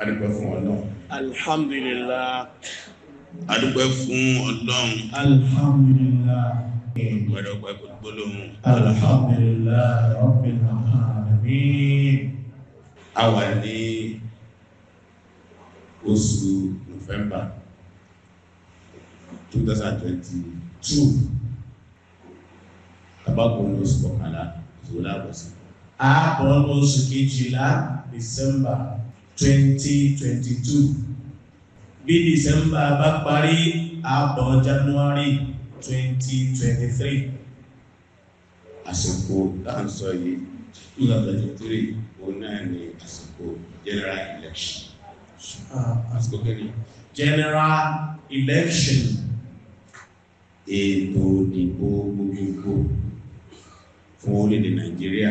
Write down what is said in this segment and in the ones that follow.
adúpẹ́ fún ọlọ́run. alhamdulillah. adúpẹ́ fún ọlọ́run. alhamdulillah. gbọ́dọ̀ pẹ́ gbólóhùn. alhamdulillah rabbil alamin. a wà ní oṣù november two thousand twenty two tabako ní oṣù kọkànlá ìṣòro àbọ̀sí. a bọ̀ ní oṣù kejìlá december. 2022 bí december bá parí àbọ̀ january 2023 àsìkò láǹsọ yìí 2023 òun náà ni àsìkò general election ah, àsìkò kẹ́ni general election ètò ìdìbò gbogbogbò fún orílẹ̀-èdè nàìjíríà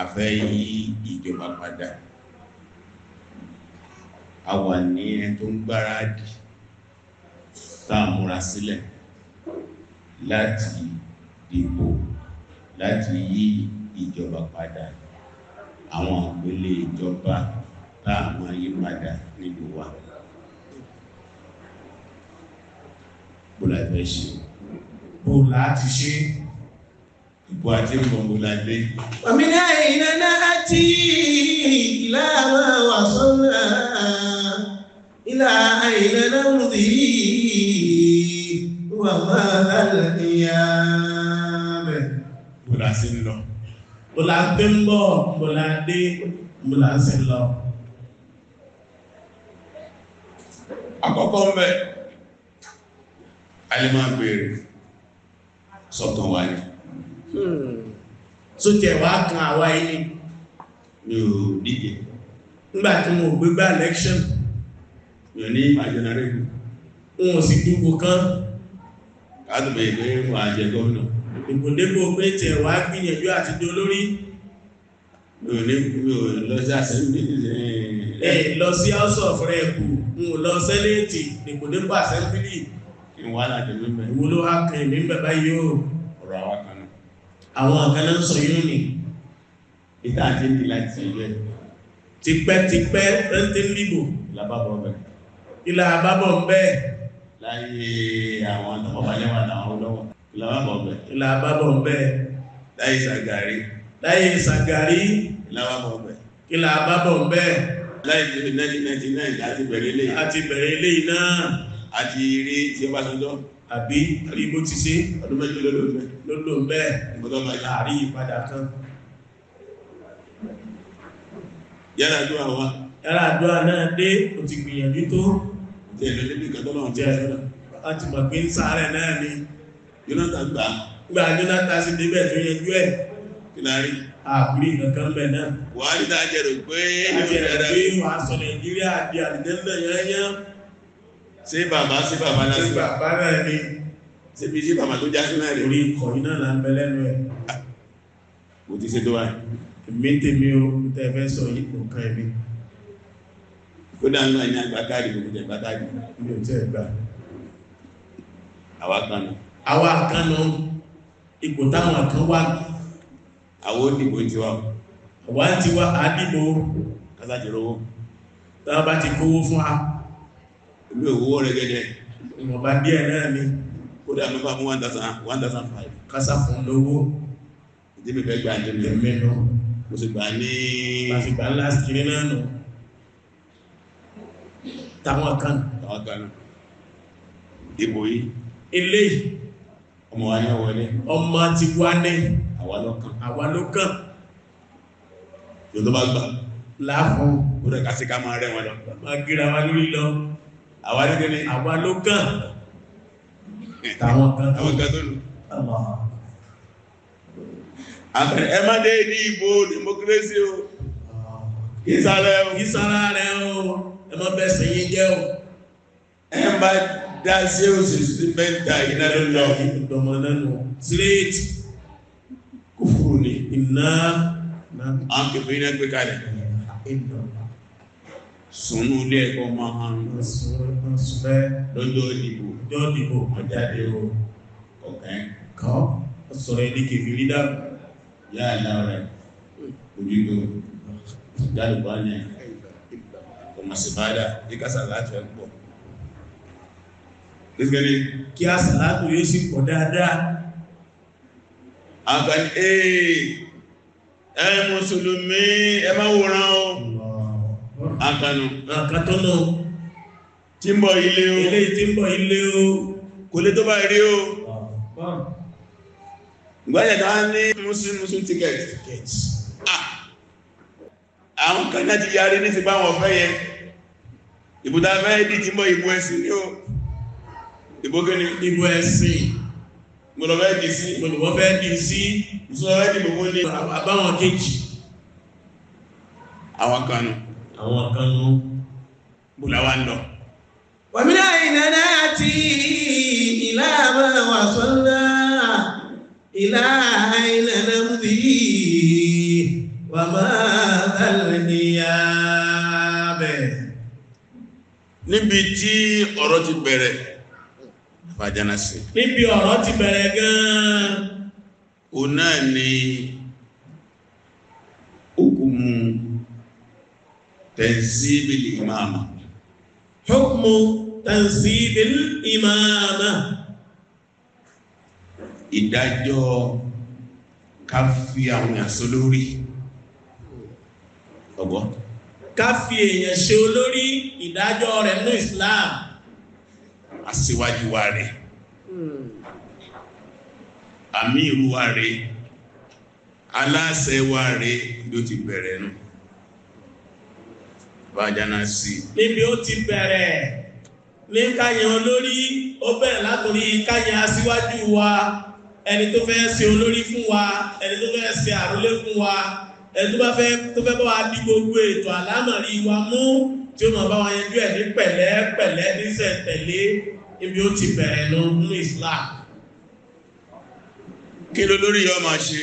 a fẹ́ yí ìjọba padà a wà ní ẹni tó ń gbáradì tààmúra sílẹ̀ láti dìbò láti yí ìjọba padà àwọn àpẹẹlẹ ìjọba táàmù ayé padà nílùú wa bó la fẹ́ ṣe bó láti ṣe ìbò àti ìgbọ̀ngbò la gbé. òmìnira ìnáná àti ìlànà wàsánà. إلى أين نمضي وما الأيام بلا سنلو بلا تنبو بلا دي بلا سنلو àkọ́kọ́ ń bẹ alẹ́ máa bèèrè sọ́tàn wà tó tẹ̀ wá kan àwa ní ò nígbàtí mo gbégbà election yóò ní ìbàjẹ́ náà rẹ̀kù wọn ò sì dúkù kán látùbẹ̀ ìlú ìwọ̀n àjẹ gómìnà ìgbòdébò pé tẹ̀ wá gbìyànjú àti di olórí yóò ní lọ sí house of rep wọn lọ sẹ́lẹ̀tì ìgbòdébò assembly ìwọ́n ló wá kàn ní bàbá yóò ọ̀rọ̀ àwọn kan àwọn àkànná ń sọ yóò ní ìta àti ìdí láti ṣe ìgbẹ́ tipẹ́tipẹ́ rẹ́ntẹ́ níbò lábábọ̀ bẹ̀rẹ̀ ilá àbábọ̀ ń bẹ́ẹ̀ láyé àwọn àtàkọ́bàjẹ́wà náà olówó ilá àbábọ̀ ń bẹ́ẹ̀ láyé sàgàrí láyé sàgàrí ilá àbábọ̀ ń bẹ́ẹ̀ ilá àbábọ̀ ń bẹ́ẹ̀ láyé 1999 àti bẹ̀rẹ̀ ilé àti bẹ̀rẹ̀ ilé náà àti rí tí ó bá sọjọ́ àbí àbí bó ti ṣe ọdún mẹ́jọ lọ́lọ́ ń àdúrà náà dé ó ti gbìyànjú tó tí ẹ̀lẹ́ níbi ìkàtọ́lọ́run jẹ́ láti mọ̀ pé ń sáré náà ni Jonathan gbà gbà Jonathan sí débẹ̀ tó yẹjú ẹ̀ kìlárí àkúrí nǹkan bẹ̀ náà Buhari náà jẹ́rò pé ajẹ́rò pé wà sọ Nàìjíríà di àdìdẹ́lẹ̀ yányá sí bàbá sí bàbá náà sí bàbá náà ni sí bí sí bàbá tó jásí náà rí orí ìkọ̀ iná là ń bẹ lẹ́nu ẹ̀ mo ti ṣe tó wáyé mi tèmi o tẹ́fẹ́ sọ yìí kò kan ẹ̀mí ó dáná náà ní agbátáàrí gbogbo jẹ agbátáàrí ní ọjọ́ ẹgbà àwa kan náà àwa kan náà ipò táwọn kan wá àwọn òdìbò ti wá àwa ti wá àdìbò kásájìrówó táwọn bá ti kówó fún a ìlú òwúwó rẹ gẹ́gẹ́ ìwọ̀nba díẹ̀ náà ni ó dá mẹ́fà mú 1,500 ah, kásá fún lówó ìdíbẹ̀fẹ́ gbà ní ẹ̀mẹ́nu mo sì gbà ní lásìkiri náà nù tàwọn kan tàwọn kan ìbò yìí ilé ọmọ wa ní wọlé ọmọ ti wá ní àwálọ́kàn yóò tó bá gbà láàfún ó rẹ̀ kásí ká máa rẹ̀ wọn lọ máa gíra wa lórí lọ àwálọ́kàn tàwọn kan tó lù àbẹ̀rẹ̀ ẹ má dé ní ìbò democracy o ìsàlẹ̀ o ẹ má bẹ ẹsẹ̀ yín jẹ́ o. ẹ má dá sí òṣìṣẹ́ mẹ́ta iná ló lọ. ìdọ̀mọ̀ lẹ́nu straight kúfùrù ni iná àwọn kẹfẹ́ iná gbé kalẹ̀. sunu ilé ẹ̀kọ́ máa hàn lọ́jọ́ ìdìbò. lọ́jọ́ ìdìbò ọ̀jáde o ọ̀kẹ́ kan sọ̀rọ̀ ẹni kẹfì lídà yáà lára ẹ̀ òjúgbò jáde bá ní ọmọsìbádà kíkà sàlátù ẹ̀ pọ̀ lẹ́gbẹ̀rẹ̀ kí a sàlátù yóò sì pọ̀ dáadáa àgbàní ee ẹ mùsùlùmí ẹ má wòrán o àkànù àkàtọ́nà ah, tí ń bọ̀ ilé o ilé tí ń bọ̀ ilé o kò lè tó bá rí o ìgbàjẹ̀ta ní muslim ticket àwọn kan náà ti yarí ní ti bá wọn fẹ́ ìbúdá fẹ́ dì tí mọ́ ìbú ẹ̀sìn ní o ìbó kí ìbú ẹ̀sìn mọ̀lọ̀fẹ́ dì sí mọ̀lọ̀fẹ́ dì sí ìṣọ́lọ́fẹ́ dì gbogbo ní àbáwọn kejì àwọn kanu àwọn kanu bùláwà ń lọ wàmílá ìnáná àti ìlà àmà wà sọ́lá ìlà àìlẹ̀lẹ́mùdìí وماذا الغياب níbi tí ọ̀rọ̀ ti bẹ̀rẹ̀ fàjánà sí níbi ọ̀rọ̀ ti bẹ̀rẹ̀ gan-an o náà ni hukumu tanzibil imama hukumu tanzibil imama ìdájọ́ ká fi àwọn ìyàsó lórí ọgbọ́n ká fi èèyàn ṣe olórí ìdájọ́ rẹ̀ nínú Islam aṣíwájú wa rẹ̀ àmì ìrú wa rẹ̀ aláṣẹ wa rẹ̀ ló ti bẹ̀rẹ̀ nù bájáná sí níbi ó ti bẹ̀rẹ̀ ní káyẹ̀ olórí ó bẹ̀rẹ̀ látòrí káyẹ̀ aṣíwájú wa ẹni tó fẹ́ ṣe olórí fún wa ẹni tó fẹ́ ṣe àrólé fún wa ẹni tó bá fẹ́ tó fẹ́ bá wa ní gbogbo ètò àlámọ̀rí wa mú tí ó mọ̀ bá wa yanjú ẹ̀ ní pẹ̀lẹ́ pẹ̀lẹ́ níṣẹ́ tẹ̀lé ibi ó ti bẹ̀rẹ̀ lọ nínú Islam kí ló lórí yọ máa ṣe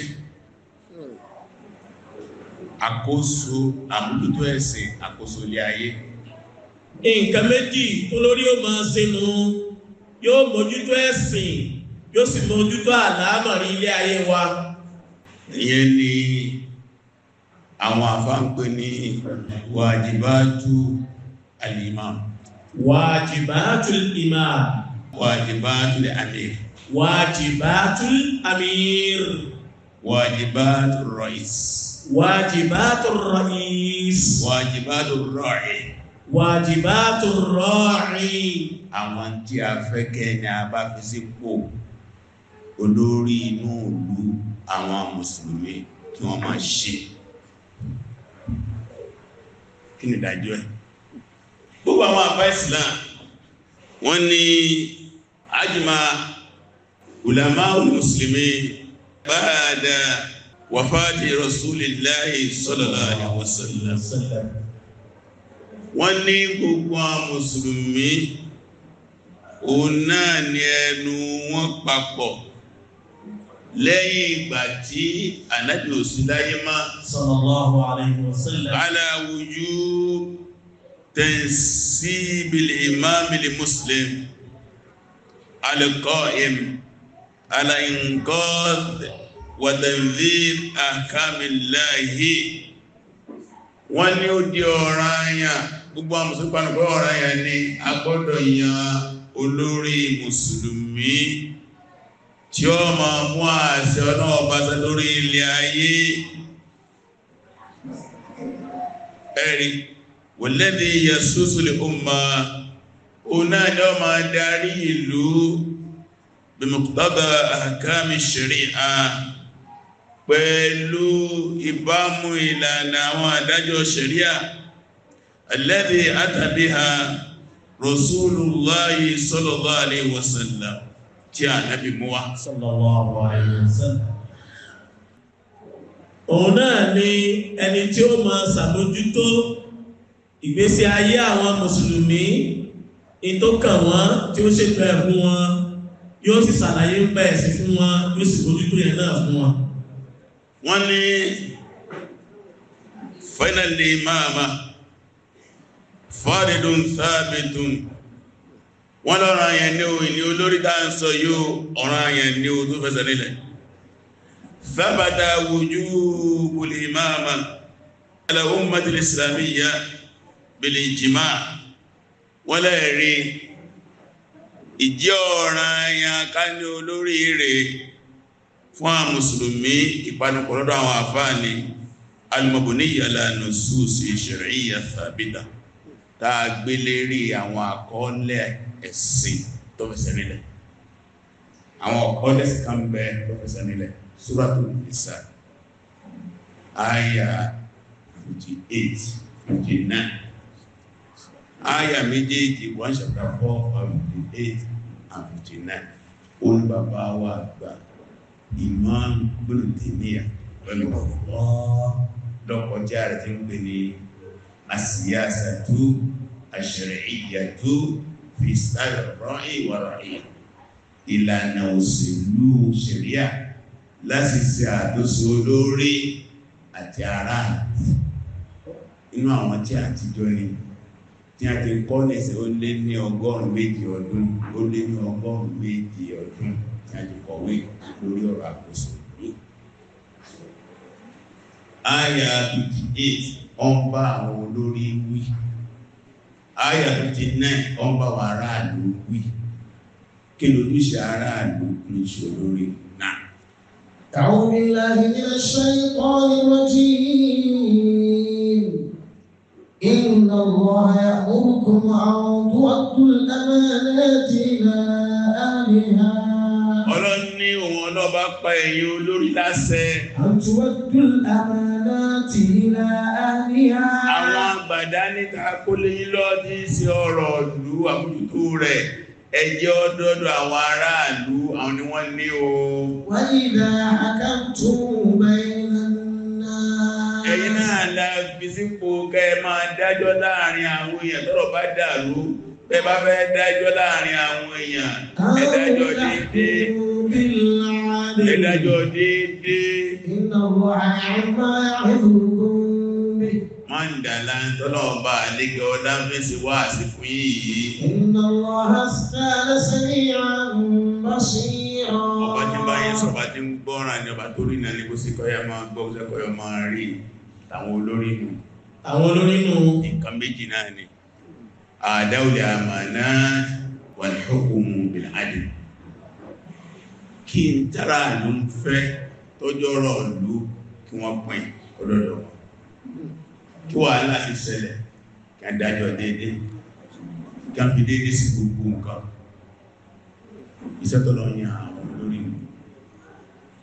àkóso àmójútó ẹ̀sìn àkóso ilé ayé nǹkan méjì tó lórí ó máa ṣe nù yóò mójútó ẹ̀sìn yóò sì mójútó àlámọ̀rí ilé ayé wa ìyẹn ni àwọn àfáǹpé ní wàjìbátù alìmáà wàjìbátù alìmáà wàjìbátù alìmír wàjìbátù alìmír wàjìbátù rọ̀ìs wàjìbátù rọ̀ìs wàjìbátù rọ̀ì wàjìbátù rọ̀ì àwọn tí a fẹ́ kẹ́ ni a bá fi sípò olórí inú ìlú àwọn mùsùlùmí kí wọ́n máa ṣe kí ni ìdájọ́ ẹ̀ gbogbo àwọn àpá Islam wọ́n ní ajma ulama olùmùsùlùmí báadà wàfáàdì rasulillahi sallallahu alaihi wasallam wọ́n ní gbogbo àwọn mùsùlùmí òun náà ni ẹnu wọn papọ̀ lẹ́yìn ìgbà tí ànábì ò sí láyé má sallallahu alayhi wa sallam ala wujub tansibil imamil muslim al-qa'im ala inqadh wa tanzil ahkamillahi wọ́n ní ó di ọ̀ranyàn gbogbo àmùsùn pàdùkọ́ ọ̀ranyàn ni a gbọ́dọ̀ olórí mùsùlùmí tí ó máa mú àṣẹ ọ̀nà ọba ṣẹ lórí ilẹ̀ ayé ẹ̀rí wòlẹ́dí yasusu lè ó máa òun náà ni ó máa darí ìlú bimukutaba ahakami shari'a pẹ̀lú ìbámu ìlànà àwọn àdájọ́ shari'a alladhi atabiha rasulullahi sallallahu alaihi wasallam tí ànábì mú wá sallallahu alaihi wasallam òun náà ni ẹni tí ó máa ṣàmójútó ìgbésí ayé àwọn mùsùlùmí ìtókàn wọn tí ó ṣètò ẹ̀fún wọn yóò sì ṣàlàyé ń bẹ̀ẹ̀ sí fún wọn yóò sì mójútó yẹn náà fún wọn wọ́n ní fainal imama faridun thabitun wọ́n lọ́rọ̀ àyàn ní o ìní olórí tá ń sọ yóò ọ̀rọ̀ àyàn ní o tó fẹsẹ̀ nílẹ̀ sábàtà wùjú kùlì máàmà aláwọ̀ mọ́tìlì islamiyya bèlè ìjìmá wọ́n lẹ́ẹ̀rí ìjẹ́ ọ̀rọ̀ àyàn ká ní olórí rẹ̀ fún àwọn mùsùlùmí ìpanupọ̀ lọ́dọ̀ àwọn àfáàní almabuniya ala nusus shar'iyya thabita tá a gbé lérí àwọn àkọọ́lẹ̀ ẹ̀sìn tó fẹsẹ̀ nílẹ̀ àwọn ọ̀kọ́ lẹ́sìn kan bẹ tó fẹsẹ̀ nílẹ̀ súrátù nìsà àyà 58 59 àyà méjèèjì wọ́n ṣàpá 4 58 and 59 olùbàbá wa àgbà Imam Ibn Taymiyyah pẹ̀lú ọ̀pọ̀ lọ́kọjá rẹ̀ tí ń pè ní àsíyásà tó àṣẹ̀rẹ̀ ìyà tó fìsàrọ̀ ìwàrọ̀ ìlànà òṣèlú ṣẹ̀ríà láti ṣe àtúnṣe olórí àti ará inú àwọn tí àtijọ́ ni tí a ti kọ́ lẹ́sẹ̀ ó lé ní ọgọ́rùn-ún méjì ọdún ó lé ní ọgọ́rùn-ún méjì ọdún tí a ti kọ̀wé lórí ọ̀rọ̀ àkóso àyà 58 ọ̀n àwọn olórí wí àyà fifty nine ọ̀n bá wà aráàlú wí kí lójúṣe aráàlú ní ìṣòro rẹ̀ náà. أعوذ بالله من الشيطان الرجيم إن الله يأمركم أن تؤدوا الأمانات إلى أهلها ọlọ́run ní òun ọlọ́ba pa ẹ̀yin olórí láṣẹ. àtúwọ́dún àmàlà tìlà àníhà. àwọn bàdá níta kólẹ́yìn lọ́dí sí ọ̀rọ̀ ìlú àmójútó rẹ̀ ẹjẹ́ ọdọ́dọ̀ àwọn aráàlú àwọn ni wọ́n ní o. wọ́n ìlà àkáǹtù ẹ̀yin náà la fi sípò kẹ́ ẹ máa dájọ́ láàrin àwọn èèyàn tọ́rọ̀ bá dàrú bẹ́ẹ̀ bá fẹ́ dájọ́ láàrin àwọn èèyàn ẹ dájọ́ déédéé ẹ dájọ́ déédéé. ìnáwó àyàwó máa ń rú mọ́ndàlá ń tọ́lọ̀ ọba àlejò ọlá fèsì wá sí fún yìí. Inna Allaha kana sami'an basira. ọba tí bá yẹn sọ̀bá tí ń gbọ́ràn ni ọba tó rí náà ní kó sì kọ́yà máa gbọ́ kọ́yà máa rí àwọn olórí nù. àwọn olórí nù. nǹkan méjì náà ni àdáwòlè àmàná wal hukmu bil adl kí n tára ló ń fẹ́ tọ́jọ́rọ̀ ìlú kí wọ́n pín ọlọ́dọ̀ wọn kí wàhálà fi ṣẹlẹ̀ kí adájọ́ déédé kí a fi déédé sí gbogbo nǹkan iṣẹ́ tọ́lọ́ àwọn olórí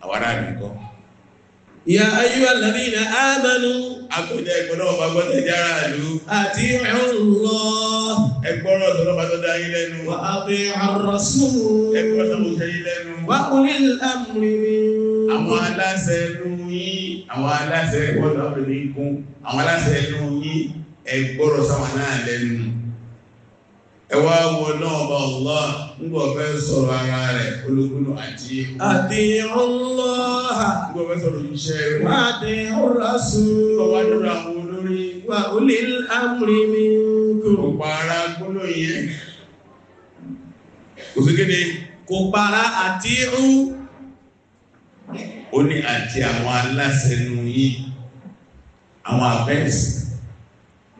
àwọn aráàlú Ya ayyuhal ladhina amanu àkójẹ ẹgbọ́nà ọba gbọ́dẹ̀ jára ìlú. Àti ẹ̀rùnlọ́. Ẹgbọ́rọ̀ ọ̀dọ́nà bá tọ́dá yí lẹ́nu. Wà á bẹ ar-rasul. Ẹgbọ́rọ̀ tó ṣe yí lẹ́nu. Wà ulil amri minkum. Àwọn aláṣẹ ẹlú yín, àwọn aláṣẹ ẹgbọ́dọ̀ ọ̀dọ́ ẹwà wọn náà bá Allah ń bọ̀ fẹ́ sọ̀rọ̀ ara rẹ̀ ológun àti àti Allah ń bọ̀ fẹ́ sọ̀rọ̀ iṣẹ́ rẹ̀ wà àti ọ̀rọ̀sù ọwọ́ nínú àwọn olórí wà ó lè amúrí mi kò kò para gbọ́nà yẹn kò kéde kò para àti rú ó ní àti àwọn aláṣẹ nù yìí àwọn àfẹ́sì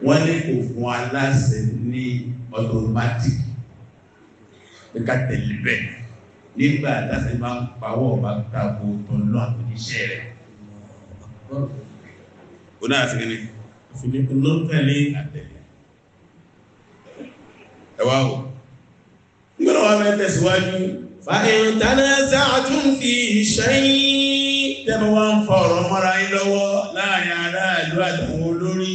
wọ́n ní kò fún aláṣẹ ní automatic pẹ̀ka tẹ̀lé bẹ́ẹ̀ nígbà aláṣẹ máa ń pawọ́ ọba tako tó ń lọ àtúnṣe rẹ̀. ó náà fi ní fìlípù ló tẹ̀lé àtẹ̀lé. ẹ wá o gbọ́dọ̀ wà mẹ́ tẹ̀síwájú. fàáyọ̀ tánà fi ṣẹ́yìn tẹ́lẹ̀ wá ń mọ́ra yín lọ́wọ́ láàrin aráàlú àtàwọn olórí.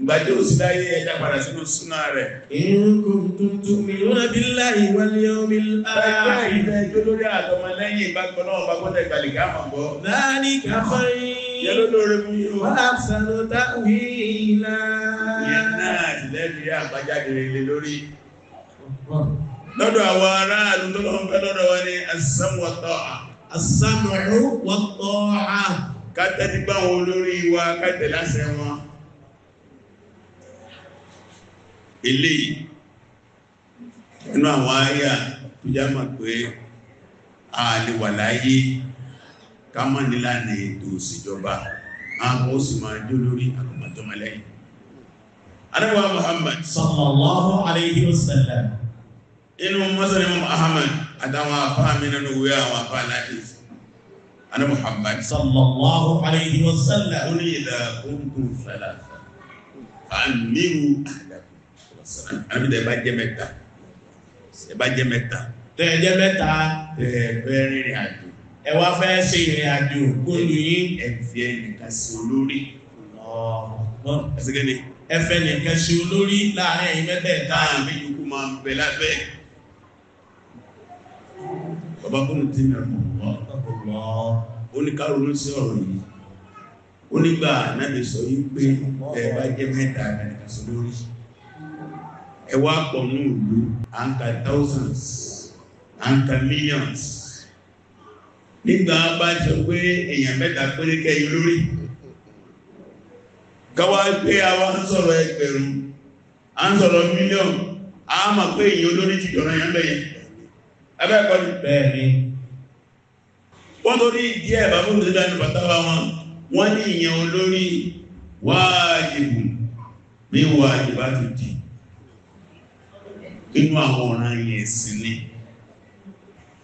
ìgbàjé òsì láyé ẹja padà sínú súnà rẹ̀. ìrúkùn tuntun mi ó náà bí láì wálé omi láàárín ìdájọ́ lórí àtọmọlẹ́yìn ìbágbọ́n náà bá gbọ́dọ̀ ìgbàlẹ̀ ká mọ̀ bọ́. láàní káfọ́rí yẹ́ló lórí mú yóò. wọ́n á sàlọ́ táwí ilá. ìyẹn náà ti lẹ́bi àbájáde lè lórí. lọ́dọ̀ àwọn aráàlú tó lọ́n fẹ́ lọ́dọ̀ wọn ni àsánwọ̀tọ̀ eléyìí nínú àwọn àyà tó já mọ̀ pé a lè wà láyé ká mọ̀ nílànà ètò òṣìjọba àwọn oṣù máa jó lórí àkọmọ̀tọ́mọlẹ́yìn anábíwá Muhammad sallallahu alayhi wa sallam inú mọ́sánimọ̀ Muhammad àtàwọn afáà mi nínú wé àwọn afáà láti ana Muhammad sallallahu alayhi wa sallam àbídẹ̀ bá jẹ́ mẹ́ta ẹ bá jẹ́ mẹ́ta tẹ́ ẹ jẹ́ mẹ́ta ẹ fẹ́ rìnrìn àjò ẹ wá fẹ́ ṣe ìrìn àjò gbóyún yín ẹ fi ẹnìkan sí olórí ọ̀ọ́ ẹ̀sìnkẹ́ ni ẹ fẹ́ nìkan sí olórí láàárín ẹ̀yin mẹ́tẹ̀ẹ̀ta àmì yòókù máa ń bẹ lábẹ́ bàbá kúrò tí mẹ́rin mọ́ ó ní ká ronú sí ọ̀rọ̀ yìí ó nígbà náà lè sọ yí pé ẹ bá jẹ́ mẹ́ta ẹ̀ka nìkan sí olórí ẹ wá pọ̀ ní òlu thousands à millions nígbà bá sọ pé èèyàn mẹ́ta péré kẹ́yìn lórí káwá pé a wá ń sọ̀rọ̀ ẹgbẹ̀rún à ń sọ̀rọ̀ mílíọ̀nù a máa pé èèyàn olórí ti jọ̀rọ̀ yẹn lẹ́yìn abẹ́ẹ̀kọ́ ni bẹ́ẹ̀ ni wọ́n tó rí díẹ̀ bàbá òṣèlú dánú bàtàwà wọn wọ́n ní ìyẹn olórí wáàjìbù ní wáàjìbá tó dìí nínú àwọn ọ̀ràn yẹn sí ni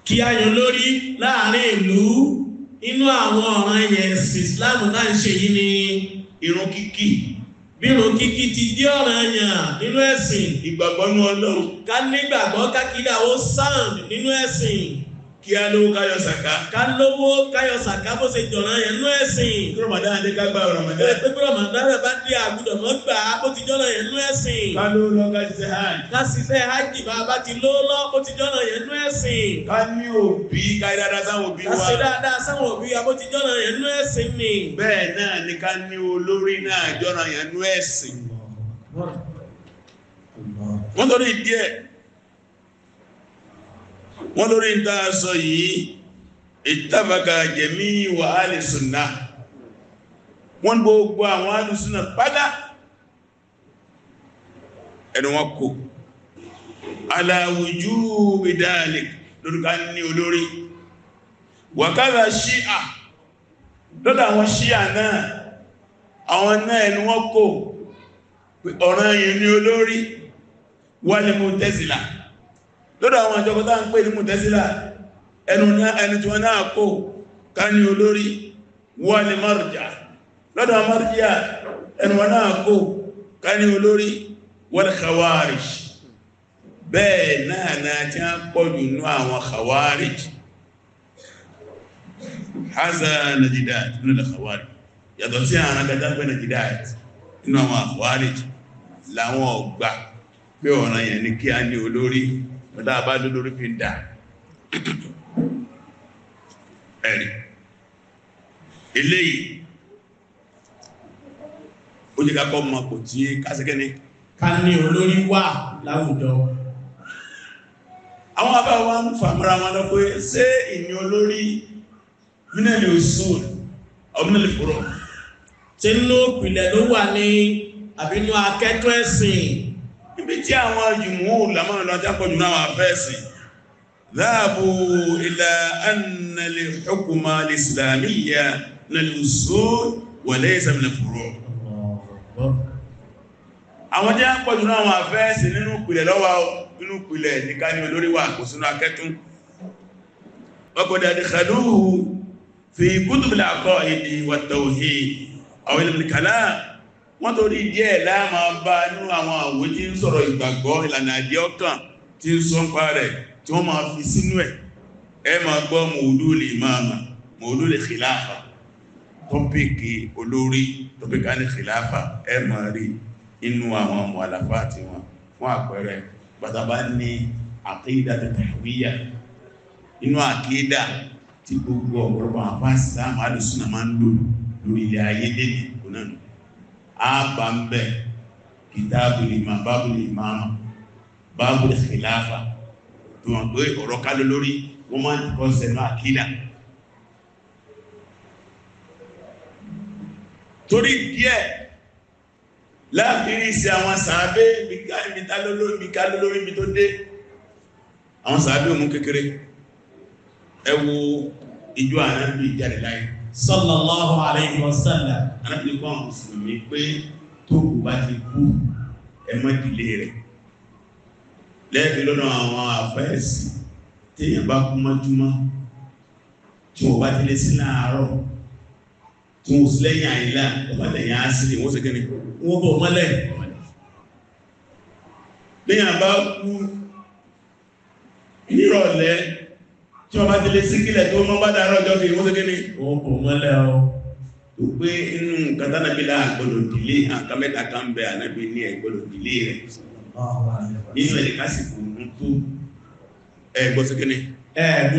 kí a yọ lórí láàrin ìlú inú àwọn ọ̀ràn yẹn sí Islam náà ń ṣe yìí ni ìrun kíkí bí ìrun kíkí ti di ọ̀ràn yẹn nínú ẹ̀sìn ìgbàgbọ́ ní Ọlọ́run ká nígbàgbọ́ kákìlá ó sáànd nínú ẹ̀sìn kí á lówó ká yọ sàká. ká lówó ká yọ sàká bó ṣe jọ̀ràn yẹn nú ẹ̀sìn. kí Ramadan adé ká gba Ramadan. ẹ pé Ramadan rẹ bá dé àgùdọ̀ mọ́ gbà á bó ti jọ̀ràn yẹn nú ẹ̀sìn. ká lówó lọ ká ṣiṣẹ́ hajj. ká ṣiṣẹ́ hajj bá a bá ti ló lọ bó ti jọ̀ràn yẹn nú ẹ̀sìn. ká ní òbí ká dáadáa sáwọn òbí wa. ká ṣe dáadáa sáwọn òbí wa bó ti jọ̀ràn yẹn nú ẹ̀sìn ni. bẹ́ẹ̀ náà ni ká ní olórí náà jọ̀ràn yẹn wọ́n lórí ń dáa sọ yìí ìtàbàkà jẹ̀mí wà alìsùnà wọ́n gbogbo àwọn alìsùnà padà ẹnu wọn kò aláwùjú ìdáàlì lórúkà ní olórí wàkàrà ṣíà lọ́dọ̀ àwọn ṣíà náà àwọn náà ẹnu wọn kò ọ̀ràn yìí ní olórí wọ́n ni mú tẹ́sìlá lọ́dọ̀ àwọn ìjọba tá ń pè ní mùtẹ́sílà ẹnu tí wọ́n náà kò ká ní olórí wọ́n ni márùjá lọ́dọ̀ márùjá ẹnu wọn náà kò ká ní olórí wọ́n khawarij bẹ́ẹ̀ náà náà tí a pọ̀ jù ní àwọn khawarij haza najidat nínú khawarij yàtọ̀ sí àwọn agbẹ́gbẹ́ najidat nínú àwọn khawarij láwọn ọgbà pé ọ̀ràn yẹn ni kí a ní olórí pẹ̀lú àbá lórí fi ń dà ẹ̀rì eléyìí ó jẹ́ kákọ́ mọ̀ kò tí kásẹ́kẹ́ni ká ní olórí wà láwùjọ àwọn àbá wa ń fàmúra wọn lọ pé ṣé ìní olórí mínẹ́lì òṣùn ọmọnìlì fòrò tí nínú ìpìlẹ̀ ló wà ní àbínú akẹ́kọ̀ọ́ ẹ̀sìn níbi tí àwọn jùmú làmọ́nà lọ jápọ̀ jù náà fẹ́ẹ̀sì láàbù ilẹ̀ annalẹ̀ hukuma l'islamiyya na l'usul wa laysa min al-furu' àwọn jẹ́ pọ̀ jù náà fẹ́ẹ̀sì nínú ìpìlẹ̀ lọ́wọ́ nínú ìpìlẹ̀ nìká ní olórí wà kò sínú akẹ́tún ọkọ̀dẹ̀ adkhaluhu fi kutub al-aqaid wa at-tawhid aw wọ́n torí díẹ̀ láàmà bá nú àwọn àwò tí ń sọ̀rọ̀ ìgbàgbọ́ ìlànà àdí ọkàn tí ń sọ ń pa rẹ̀ tí wọ́n máa fi sínú ẹ̀ ẹ máa gbọ́ mòlúlì ìmáàmà mòlúlì kìláàfà tọ́pìkì olórí tọ́pìkà ní kìláàfà ẹ máa rí inú àwọn ọmọ àlàfà tí wọn fún àpẹẹrẹ gbàtàbá ní àkídà tàwíyà inú àkídà tí gbogbo ọ̀pọ̀lọpọ̀ àpá ìsìlámù àdùsùn náà máa ń lò lórí ilẹ̀ ayé lẹ́nu kò náà àbá ń bẹ̀ kìtàbùlì ma bábùlì ma bábùlì kìláfà tó wọ́n pé ọ̀rọ̀ kálọ lórí wọ́n máa ń kọ́ sẹ́nu àkídà torí díẹ̀ láàfin sí àwọn sàábé ìbíkálò lórí tó dé àwọn sàábé òun kékeré ẹ wo ìjọ ànábì jáde láyé sallallahu alayhi wa sallam arábìnrin kọ́ àwọn mùsùlùmí pé tó kù bá ti kú ẹmọ́ ìdílé rẹ̀ lẹ́ẹ̀kì lọ́nà àwọn àfẹ́ẹ̀sì téèyàn bá kú mọ́júmọ́ tí wọ́n bá délé sí láàárọ̀ tí wọ́n sì lẹ́yìn àìlá ọba lẹ́yìn wọ́n sì kẹ́ni wọ́n bọ̀ mọ́lẹ̀ lẹ́yìn àbá kú nírọ̀lẹ́ tí wọ́n bá ti lè síkílẹ̀ tó mọ́ bá dára ọjọ́ kìí wọ́n kíní òun kò mọ́lẹ̀ ọ tó pé inú kátánàbílá àgbọ̀dọ̀ dìlé àkámẹ́ta kan bẹ ànábí ní ẹgbọ̀dọ̀ dìlé rẹ̀ nínú ẹ̀lẹ́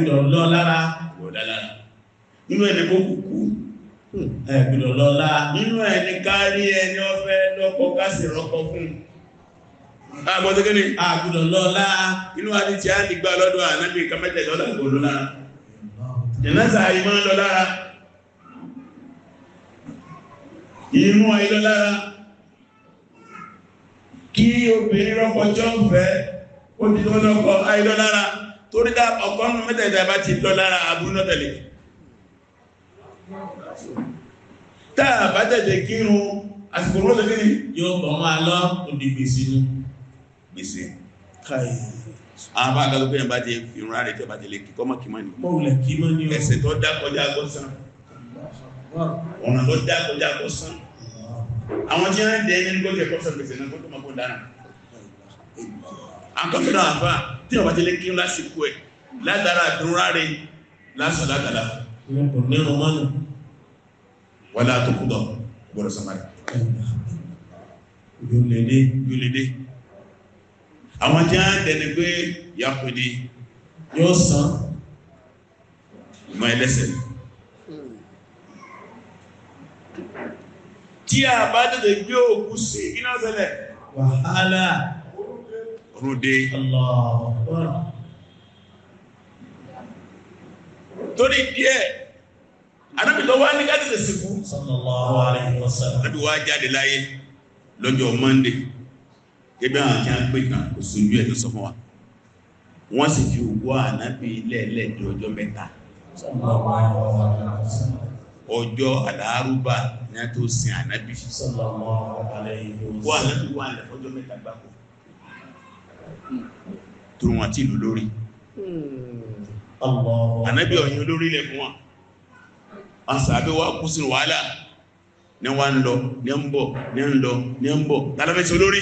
tó lọ lára lára nínú lọ lára nínú kárí ẹni kásì fún àgbọ̀dọ́gẹ́ ni àgùdọ̀ lọ́lá inú adé tí a ti gbá lọ́dọ̀ ànábì kàmẹ́tẹ̀ lọ́lá ìgbòlọ́lá jẹ̀nẹ́sà ìmọ́ lọ́lá inú ayélọ́lá kí obìnrin rọ́pọ̀jọ́ ń fẹ́ ó ti tó lọ́pọ̀ ayélọ́lára torí dá ọ̀kan mẹ́tẹ̀ẹ̀dá bá ti lọ́lára abúnọ́tẹ̀lẹ̀ táà bá tẹ̀tẹ̀ kírun àsìkò rọ́lẹ̀ kí ni yóò gbèsè àwọn agbára pé ẹ̀bá ti ìrún ààrẹ tí ọba ti lè kíkọ́ mọ́ kí mọ́ ní ẹ̀sẹ̀ tó dá kọjá gọ́sán ọ̀nà tó dá kọjá gọ́sán àwọn tí wọ́n dẹ̀ ní gọ́jẹ̀ gọ́sán gbèsè náà tó mọ́ kó dára àkọ́kọ́dá àfá tí ọba ti lè kí lásìkò ẹ̀ látara ìrún ààrẹ lásán látara nínú mọ́nà wọlá tó kúdọ̀ gbọ́dọ̀ sọmọ́rẹ̀ yóò lè dé àwọn tí a yakudi yóò san ìmọ̀ ẹlẹ́sẹ̀ tí a bá dẹ̀dẹ̀ gbé òkú sí iná ṣẹlẹ̀ wàhálà rúdé torí díẹ̀ anábìtọ̀ wá ní gáàdì lè sìnkú alaihi wasallam àdúwà jáde láyé lọ́jọ́ monday ebi àwọn kí á pè tán kò sójú ẹ̀ tó sọ fún wa wọ́n sì fi ògbó ànábì lẹ́ẹ̀lẹ́ di ọjọ́ mẹ́ta ọjọ́ àlárúbà ní a tó sin ànábì ògbó ànábì wà ní ọjọ́ mẹ́ta gbáko tó wọn ti lò lórí ànábì ọ̀yìn olórí ilẹ̀ fún wọn asàbẹ̀ wa kú sínú wàhálà ní wọn lọ ní ń bọ̀ ní ń lọ ní ń bọ̀ lálẹ́fẹ́sẹ̀ olórí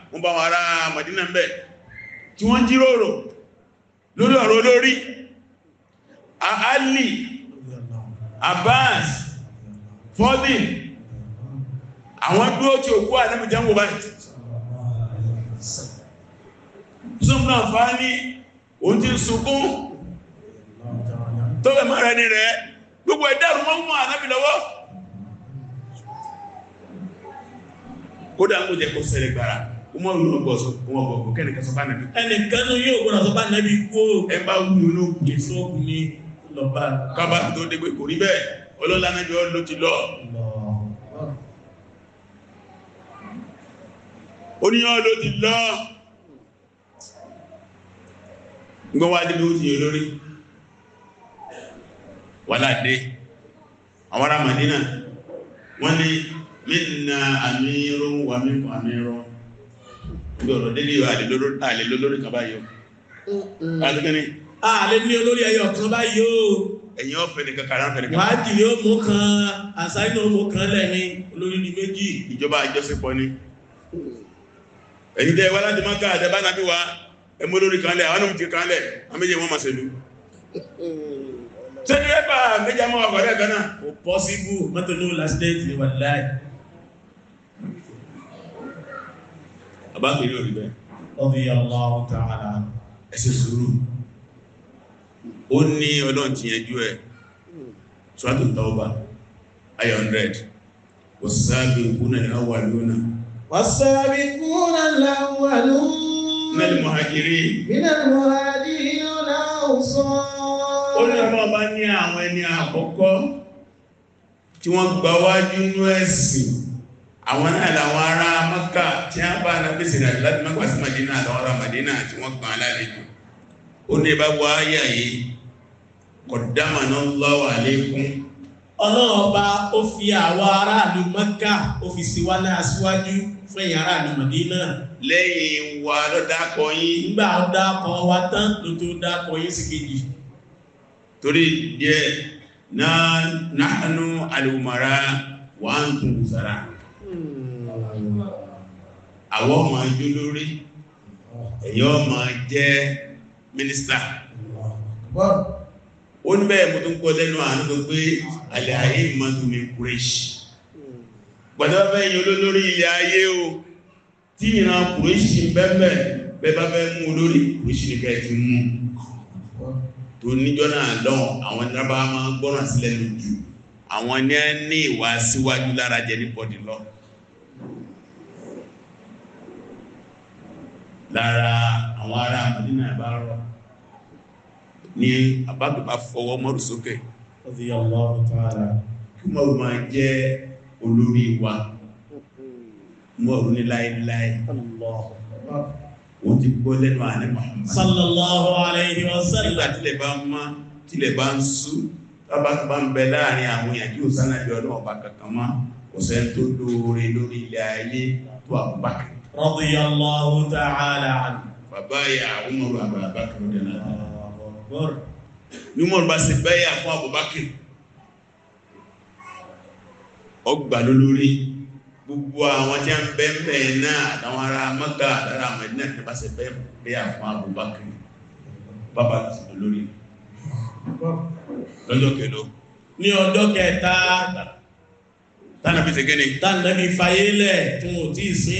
wọ́n bá wọn ará Madina ń bẹ̀ tí wọ́n jíròrò lórí ọ̀rọ̀ olórí Ali Abbas Fadil àwọn dúró tí òkú àdámìjẹ́ ń wò báyìí súnmọ́ fà ní òun ti sunkún tó lè mọ́ rẹ̀ ní rẹ̀ gbogbo ẹ̀dẹ́rù mọ́ mọ́ ànábì lọ́wọ́ kódà kó jẹ́ kó ṣẹlẹ̀ gbára wọn lò gbọ sọ wọn gbọ kó kẹnìkan sọ bá nàbí. ẹnìkan ló yóò gbọdọ̀ sọ bá nàbí kó. ẹ bá wù ú ló kù. èso ọkùnrin lọba. kábà tó dégbé kò rí bẹ́ẹ̀ ọlọ́lá nàbí ọ ló ti lọ. oníyàn ló ti lọ. gbọ́n wá dé ló ti yẹ lórí. wàhálà dé àwọn ará Màdínà wọ́n ní mí nà àmì irun wà mí kò àmì irun ibi ọ̀rọ̀ délé àlè lólórí kan báyìí o àtúkẹ́ni àlè ní olórí ẹyọ kan báyìí o ẹ̀yìn ọ̀fẹ́ nìkan kàrá fẹ́ nìkan wájì ni ó mú kan àsáyìn ó mú kan lẹ́ni olórí ní méjì ìjọba àjọṣepọ̀ ni ẹ̀yìn tẹ́ wá láti máa ká àdẹ́bá nàbí wa ẹmú olórí kan lẹ̀ àwọn òmìnir kan lẹ̀ àwọn méjì wọn máa ṣèlú ṣé ní ẹ̀fà méjì àwọn ọkọ̀ rẹ̀ kan náà kò pọ́síbù mọ́tò ní ó lásìlẹ̀ ìtìlẹ̀ wà láì bàbá kiri ò rí bẹ́ẹ̀ ọmọ ìyá Allahu ta'ala ẹ ṣe sùúrù ó ní ọlọ́run ti yẹjú ẹ̀ ṣwátò tọ́ọ̀bà ayọ̀ 100 والسابقون الأولون والسابقون الأولون من المهاجرين من المهاجرين والأنصار ó ní ọlọ́ọ̀bá ní àwọn ẹni àkọ́kọ́ tí wọ́n gbáwájú inú ẹ̀sìn àwọn náà làwọn ará mọ́kà tí wọ́n bá anábì sí ìrìnàjò láti mọ́kà sí madina àtàwọn ará madina tí wọ́n gbọ́n alálejò ó ní bá wọ ayà yìí kọ̀dámà náà lọ́wọ́ àlékún. ọlọ́run bá ó fi àwọn aráàlú mọ́kà ó fi síwá náà síwájú fẹ̀yìn aráàlú madina. lẹ́yìn wa ló dákọ̀ nígbà ó dákọ̀ wa tán ló tó dákọ̀ yín sí kejì. torí díẹ̀ náà nahnu al-umara wa antum wuzara àwọn ọmọ ajó lórí ẹ̀yin ọmọ jẹ́ mínísítà ó ní bẹ́ẹ̀ mo tó ń kọ́ lẹ́nu àánú tó pé alẹ́ ayé ìmọ̀tòmí kúrẹ́ṣì gbọ́dọ̀fẹ́ yìí olólórí ilẹ̀ ayé o tí ìran kúrẹ́ṣì bẹ́bẹ̀ bẹ́bá fẹ́ mú olórí kúrẹ́ṣì ní kẹ́ ti mú tó níjọ́ náà lọ́n àwọn ìdábà máa gbọ́ràn sílẹ̀ lójú àwọn ní ẹni ìwà síwájú lára jẹ́ nípọ̀dì lọ́nà lára àwọn ará Mẹ́dínà bá rọ ní àbádùbá fọwọ́ mọ́rù sókè kí mọ́rù máa jẹ́ olórí wa mọ́rù ní láìláì wọ́n ti gbọ́ lẹ́nu àní Muhammad sallallahu alayhi wa sallam nígbà tilẹ̀ bá ń mọ́ tilẹ̀ bá ń sú bá ń bẹ láàrin àwọn ìyàjú òsánàbí ọlọ́ọ̀bá kankan mọ́ kò sẹ́ni radiyallahu ta'ala anhu bàbá yà Umaru Abubakar radiyallahu ní Umaru bá ṣe bẹ́yà fún Abubakar ọgbà lólórí gbogbo àwọn tí a ń bẹ́ mẹ́ náà àtàwọn ará Mẹ́kà àtàrà àwọn ẹ̀dínà tí bá ṣe bẹ́yà fún Abubakar bàbá ti lólórí lọ́jọ́ kẹlọ́ ní ọjọ́ kẹta tánàbí tẹ́gẹ́ni tánàbí fayélẹ̀ tún ò tí sí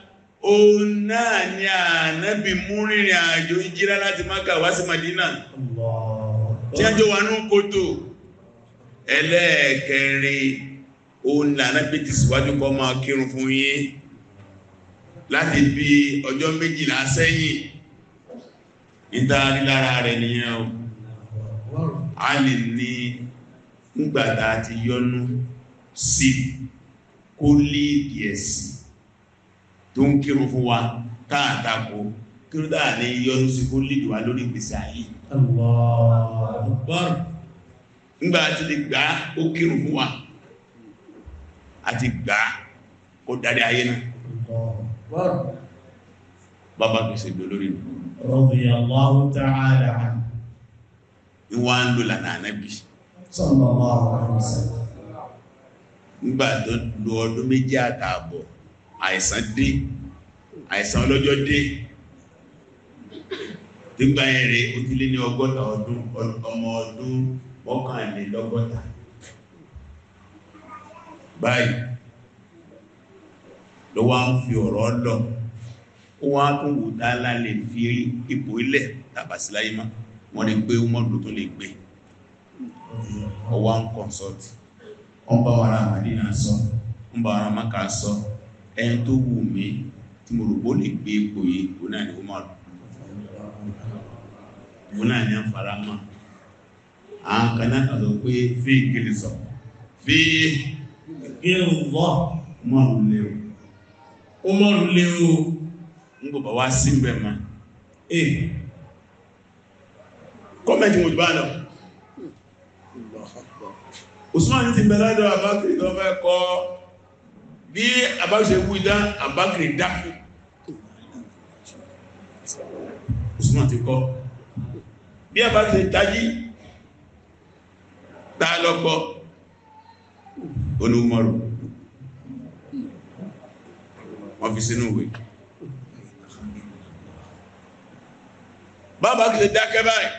òun náà ni ànábì mú rìnrìn àjò ìjírá láti Mákà wá sí Madina tí a jọ wà ní kòtò ẹlẹ́ẹ̀kẹrin òun lànábì ti síwájú kọ́ máa kírun fún yín láti bí ọjọ́ méjìlá sẹ́yìn ìdárí lára rẹ̀ nìyẹn o a lè ní ńgbàdá àti yọnu sí kó líìdì ẹ̀sìn tó ń kírun fún wa káàtàkó kírun dáa ní yọnu sí kó lè wà lórí ìgbésí ayé nígbà tí lè gbà ó kírun fún wa àti gbà kó darí ayé náà bàbá gbèsè ìgbè lórí radiyallahu ta'ala anhu ìwà ń lò lànà ànábì sallallahu alaihi wasallam nígbà tó lo ọdún méjì àtààbọ̀ àìsàn dé àìsàn ọlọ́jọ́ dé nígbà yẹn rè ojúlé ní ọgọ́ta ọdún ọmọ ọdún mọ́kànlélọ́gọ́ta báyìí ló wá ń fi ọ̀rọ̀ lọ ó wá tún wò fi ipò ilẹ̀ tàbásí láyé má wọ́n sọ bá wàrà sọ ẹni tó wù mí tí mo rò bó lè gbé ipò yìí kò náà ni ó máa rò òun náà ni a fara mọ́ àwọn kan náà kan sọ pé fi ìkìlì sọ fi ìkìlì wọ́ mọ́rù lé o ó mọ́rù lé o ń gbò bá wá sí ìgbẹ̀ ma ee kọ́mẹ̀tì mo jùbá lọ Usman ti bẹ̀rẹ̀ lọ́dọ̀ àbákìrì tó fẹ́ kọ́ bí abáṣe wú idá àbákìrì dákú Usman ti kọ́ bí abáṣe tají tá lọ́pọ̀ olùmọ̀rù wọ́n fi sínú ìwé bàbá kìí dákẹ́ báyìí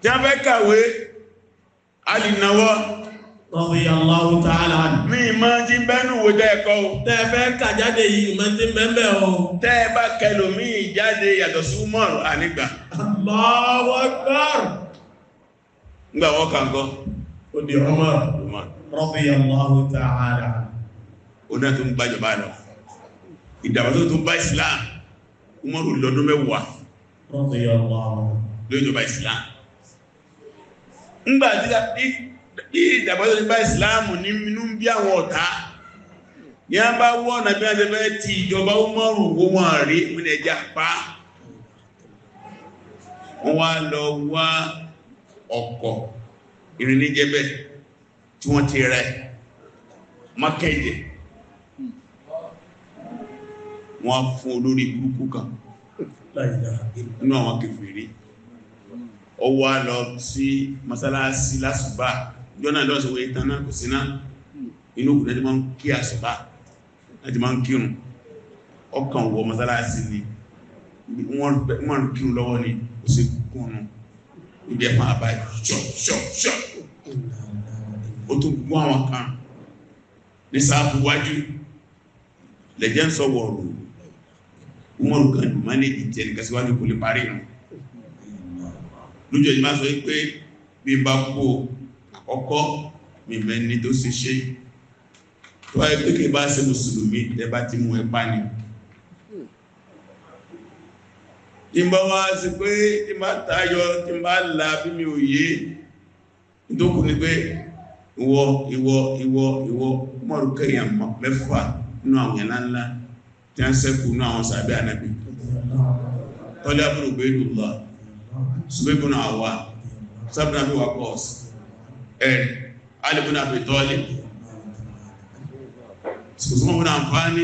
tí a fẹ́ kàwé alìnàwọ́ Ọ̀bí Allahu ta'ala. Ní ìmọ̀ tí bẹ́nu wo tẹ́ ẹ kọ́ o. Tẹ́ ẹ fẹ́ kà jáde yìí, ìmọ̀ tí bẹ́ẹ̀ o. Tẹ́ ẹ bá kẹlòmíì jáde yàtọ̀ sí Umar ànígbà. Allahu Ngbà wọ́n kà ń kọ́. Ó di Umar. Ọ̀bí Allahu ta'ala. Ó náà tó ń gbàjọba lọ. Ìdàgbàsó tó bá Ìsìlám. Umar lọ́dún mẹ́wàá. Ọ̀bí Allahu. Lójọba Ìsìlám. Ngbà tí bí ìjàmbá tó ti bá ìsìláàmù ní inú ń bí àwọn ọ̀tá ní a bá wọ́n ọ̀nà bí wọ́n ti fẹ́ ti ìjọba ó mọ́rùn owó wọn rí ìpínlẹ̀ ẹja pa wọ́n wá lọ wá ọkọ̀ ìrìnlẹ́jẹ́bẹ̀ tí wọ́n ti rẹ̀ mákẹ́jẹ̀ wọ́n fún olórí burúkú kan nínú àwọn kèfèrí ó wá lọ sí masalasi lásùbá jọ́nà lọ́sọ̀ wọ́n ìtànà kò síná inú òkú láti máa ń kí àṣùbá láti máa ń kírun ọkàn wọ mọ́sálásí ni wọ́n ń kírun lọ́wọ́ ni kò sí kúnnù ibi ẹ̀fọn àbá ṣọ̀ṣọ̀ṣọ̀ ó tún gbọ́ àwọn kan ní sáàpù wájú lẹ́jẹ̀ ń ọkọ mi mẹ́ni tó ṣe ṣe tó wáyé pé kí bá ṣe mùsùlùmí ẹbá ti mú ẹpá ni ìbá wá sí pé tí má tayọ tí má là bí mi ò yé ìdókù ní pé ìwọ ìwọ ìwọ ìwọ mọ́rù kẹrìyàn mẹ́fà nínú àwọn ẹ̀lá ńlá tí a sẹ́kù nínú àwọn sàbẹ́ ànábì tọ́lá àbúrò gbé lùlọ ṣùgbẹ́gbọ́n àwà sábẹ́ àbúrò wà pọ̀ọ̀sì eh Ali bin Abi Talib Usman bin Affan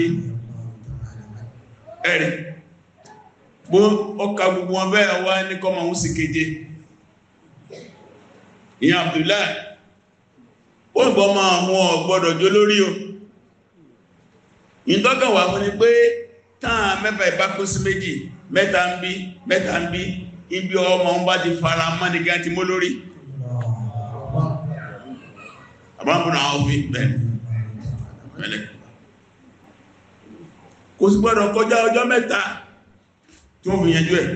eh bo ọkà gbogbo wọn bẹ́ẹ̀ wá ní kọ́mọ̀ òun sì keje ìyẹn Abdullahi ó gbọ́ máa mú ọ gbọ́dọ̀ jó lórí o ìtọ́kà wà fún ni pé táà mẹ́fà ìbákó sí méjì mẹ́ta ń bí ibi ọmọ ń bá fara mọ́ ti mọ́ àbábùnà na bẹ́ẹ̀ pẹ̀lẹ̀ kò sí gbọ́dọ̀ kọjá ọjọ́ mẹ́ta tí wọ́n fi yẹnjú ẹ̀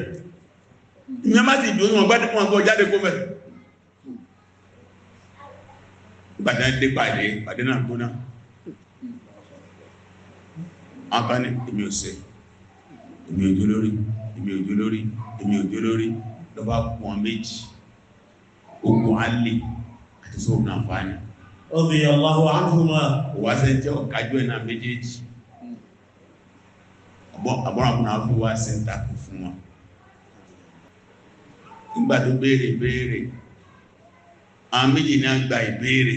ìyẹn má ti dùn wọn gbádùn wọn kọ jáde kó mẹ́ ìbàdàn dé pàdé pàdé náà gbóná àbáni èmi ò ṣe èmi òjò lórí èmi òjò lórí èmi òjò lórí lọ́wọ́ pọ̀ méjì ogun alẹ́ àti sóòrùn àǹfààní ọdún yàlláhu anhuma wà sẹ́ńtẹ́ ọ̀kájú ẹ̀ náà méjèèjì àbọ̀rọ̀ àwọn afúwà sẹ́ńtà kù fún wọn nígbà tó béèrè béèrè àwọn méjì náà gba ìbéèrè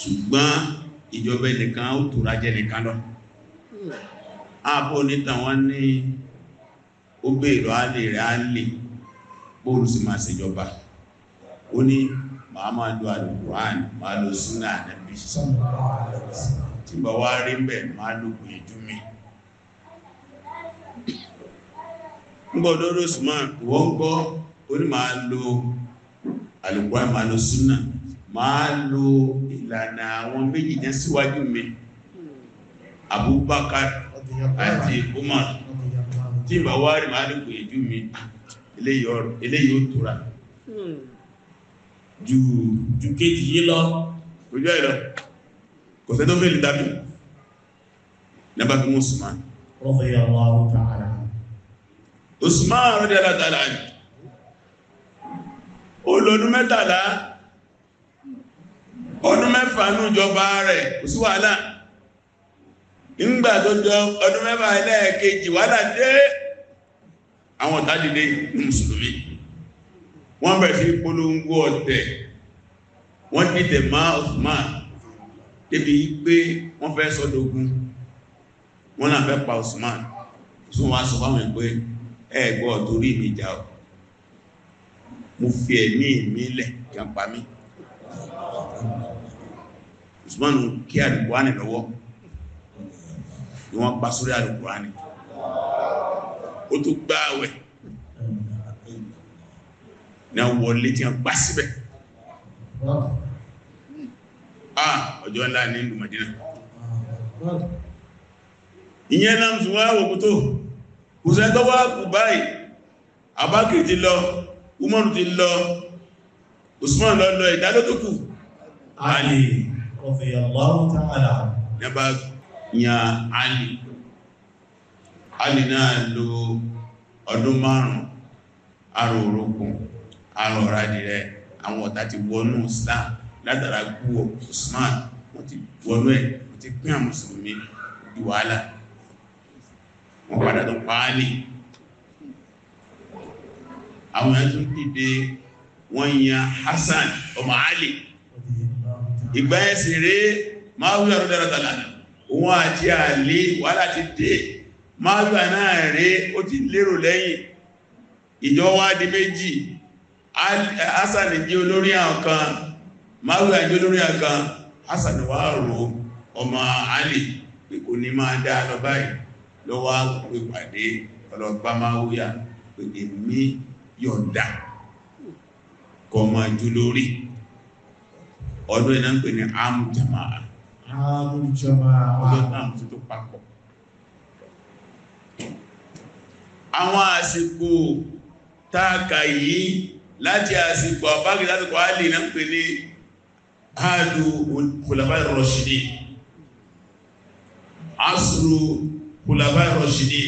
ṣùgbọ́n ìjọba ẹnìkan ó tóra jẹ nìkan lọ ààbò níta wọn ní ó béèrè àlè rẹ̀ àlè bóòlù sì máa ṣèjọba ó ní màá máa lo alukuran màá lo súnà ànábì tí bá wá rí mbẹ̀ màá lo gbèjú mi ngbọ́dọ́dọ́ Usman wọ́n gbọ́ orí màá lo alukuran màá lo súnà màá lo ìlànà àwọn méjì jẹ́ síwájú mi Abubakar àti Umar tí bá wá rí màá lo gbèjú mi ah, eléyìí ó tóra hmm ju ju kejì yìí lọ kò jẹ́ ìlọ kò fẹ́ tó fẹ́ lè dábì nígbà tó mú Usman. radiyallahu ta'ala. Usman radiyallahu ta'ala ni ó lọ́dún mẹ́tàlá ọdún mẹ́fà ní ìjọba rẹ̀ kò sí wàhálà nígbà tó jọ ọdún mẹ́fà ẹlẹ́ẹ̀kejì wàhálà dé àwọn ọ̀tá dìde ní mùsùlùmí wọ́n bẹ̀rẹ̀ sí polongo ọ̀tẹ̀ wọ́n dìtẹ̀ má Usman débi pé wọ́n fẹ́ sọ́dọ̀gún wọ́n náà fẹ́ pa Usman tún wá sọ fáwọn ẹgbẹ́ ẹgbọ́ torí mi jà ọ́ mo fi ẹ̀mí mi lẹ̀ kí n pa mí Usman kí Al-Qur'ani lọ́wọ́ ni wọ́n pa sórí Al-Qur'ani ó tún gbá àwẹ̀ ní àwọn wọlé tí wọ́n gbá síbẹ̀ ah, ah ọjọ́ ńlá ní ìlú Madina ah. ìyẹn náà tún wá wọ́pù tó kùsẹ́ tó wá kù báyìí Abákìrì ti lọ Umaru ti lọ Usman lọ lọ ìdádó tó kù Ali ta'ala nígbà yan Ali Ali náà lo ọdún márùn-ún arò orókùn àrùn ọ̀rá dìrẹ́ àwọn ọ̀tá ti wọnú Islam látara gbúwọ̀ Usman wọ́n ti wọnú ẹ̀ wọ́n ti pín àwọn mùsùlùmí di wàhálà wọ́n padà tó paálì àwọn ẹ̀ tún dìde wọ́n yan Hassan ọmọ Ali ìgbà ẹ̀sìn rẹ̀ máa wúlò àrùn dára tàlà òun àti àlè wàhálà ti dé máa wúlò náà rẹ̀ ó ti lérò lẹ́yìn ìjọ wá di méjì Hassan jẹ́ olórí àwọn kan Marwa jẹ́ olórí àwọn kan Hassan wá rò ọmọ Ali pé kò ní máa dá lọ báyìí lọ́wọ́ ìpàdé ọlọ́gbà Marwa pé èmi yọ̀ǹda kọ máa jù lórí ọdún iná ń pè ní amújàmáà ọdún náà tó papọ̀ àwọn àsìkò táàkà yìí láti àsìkò àbági lásìkò alì náà pè ní àádù khulafai rọ̀ṣìdì asùrù khulafai rọ̀ṣìdì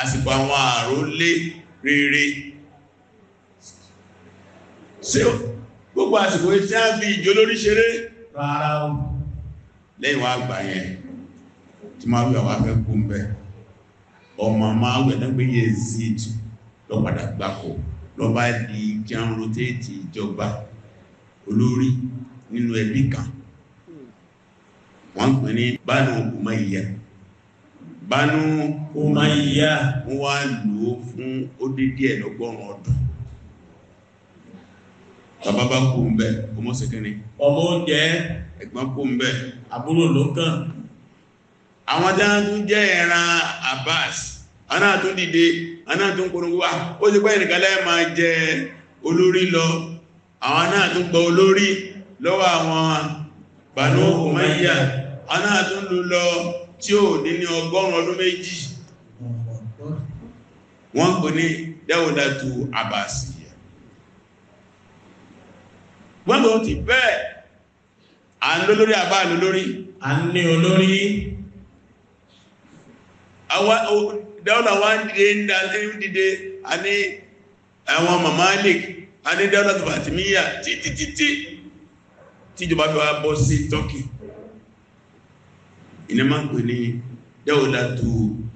àsìkò àwọn àrólé rere ṣe gbogbo àsìkò tí a fi ìjọ lórí ṣeré rárá o lẹ́yìn wá gbà yẹn tí máa wí àwọn afẹ́ kú ń bẹ ọmọ máa wẹ̀ náà gbé lọba di kí ijọba olori ìjọba nínú ẹbí kan wọ́n pè ní Banu Umayya Banu Umayya wọ́n wá lò ó fún ó dédé ọdún bàbá bá kú ọmọ ọmọ oúnjẹ ẹ̀gbọ́n kú ń bẹ́ àbúrò ló kàn àwọn tún ẹran náà tún kúrò wá ah, ó ti pẹ́ ìrìnkà láì máa jẹ olórí lọ àwọn náà tún gbọ́ olórí lọ́wọ́ àwọn Banu Umayya àwọn náà tún lù lọ tí ó ní ní ọgọ́rùn ọdún méjì wọ́n kò ní dáwọ́dátù Abbasiyya wọ́n kò ti bẹ́ẹ̀ à àbá lólórí à olórí dáúlà wá ń dìde ń dìde a ní àwọn mamalik a ní dáúlà tó fàtímíyà títí títí tíjọba fi wá bọ́ sí turkey iná máa ń pè ní dáúlà tó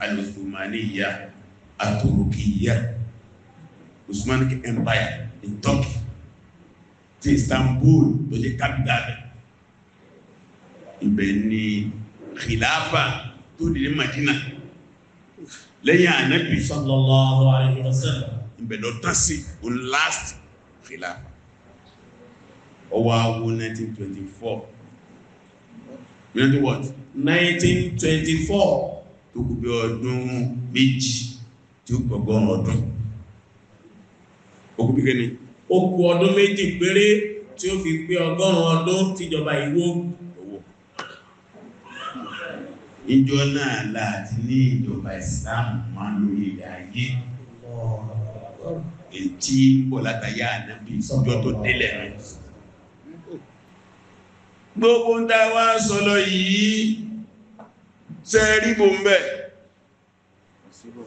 alùsùmáníyà àtòrókìyà Osmanic Empire ní turkey ti Istanbul tó jẹ́ capital ibẹ̀ ni khilafa tó dìde Madina lẹ́yìn ànábì sallallahu alayhi wa sallam ìbẹ̀lẹ̀ ọ̀tán sí o last fìlà ọwọ́ awo 1924 know what 1924 tó kú bí ọdún méjì tí ó gbọ̀gbọ́n ọdún okú bí kẹ́ni ó kú ọdún méjì péré tí ó fi pé ọgọ́rùn-ún ọdún tíjọba Ìwó ìjọ náà láti ní ìjọba ìsìláàmù máa ń lórí ilẹ̀ ayé ètí ń bọ̀ látàyà ànábì ìjọ tó délẹ̀ rẹ̀ gbogbo ń dáwà sọ́lọ yìí tẹ́ríbò ń bẹ̀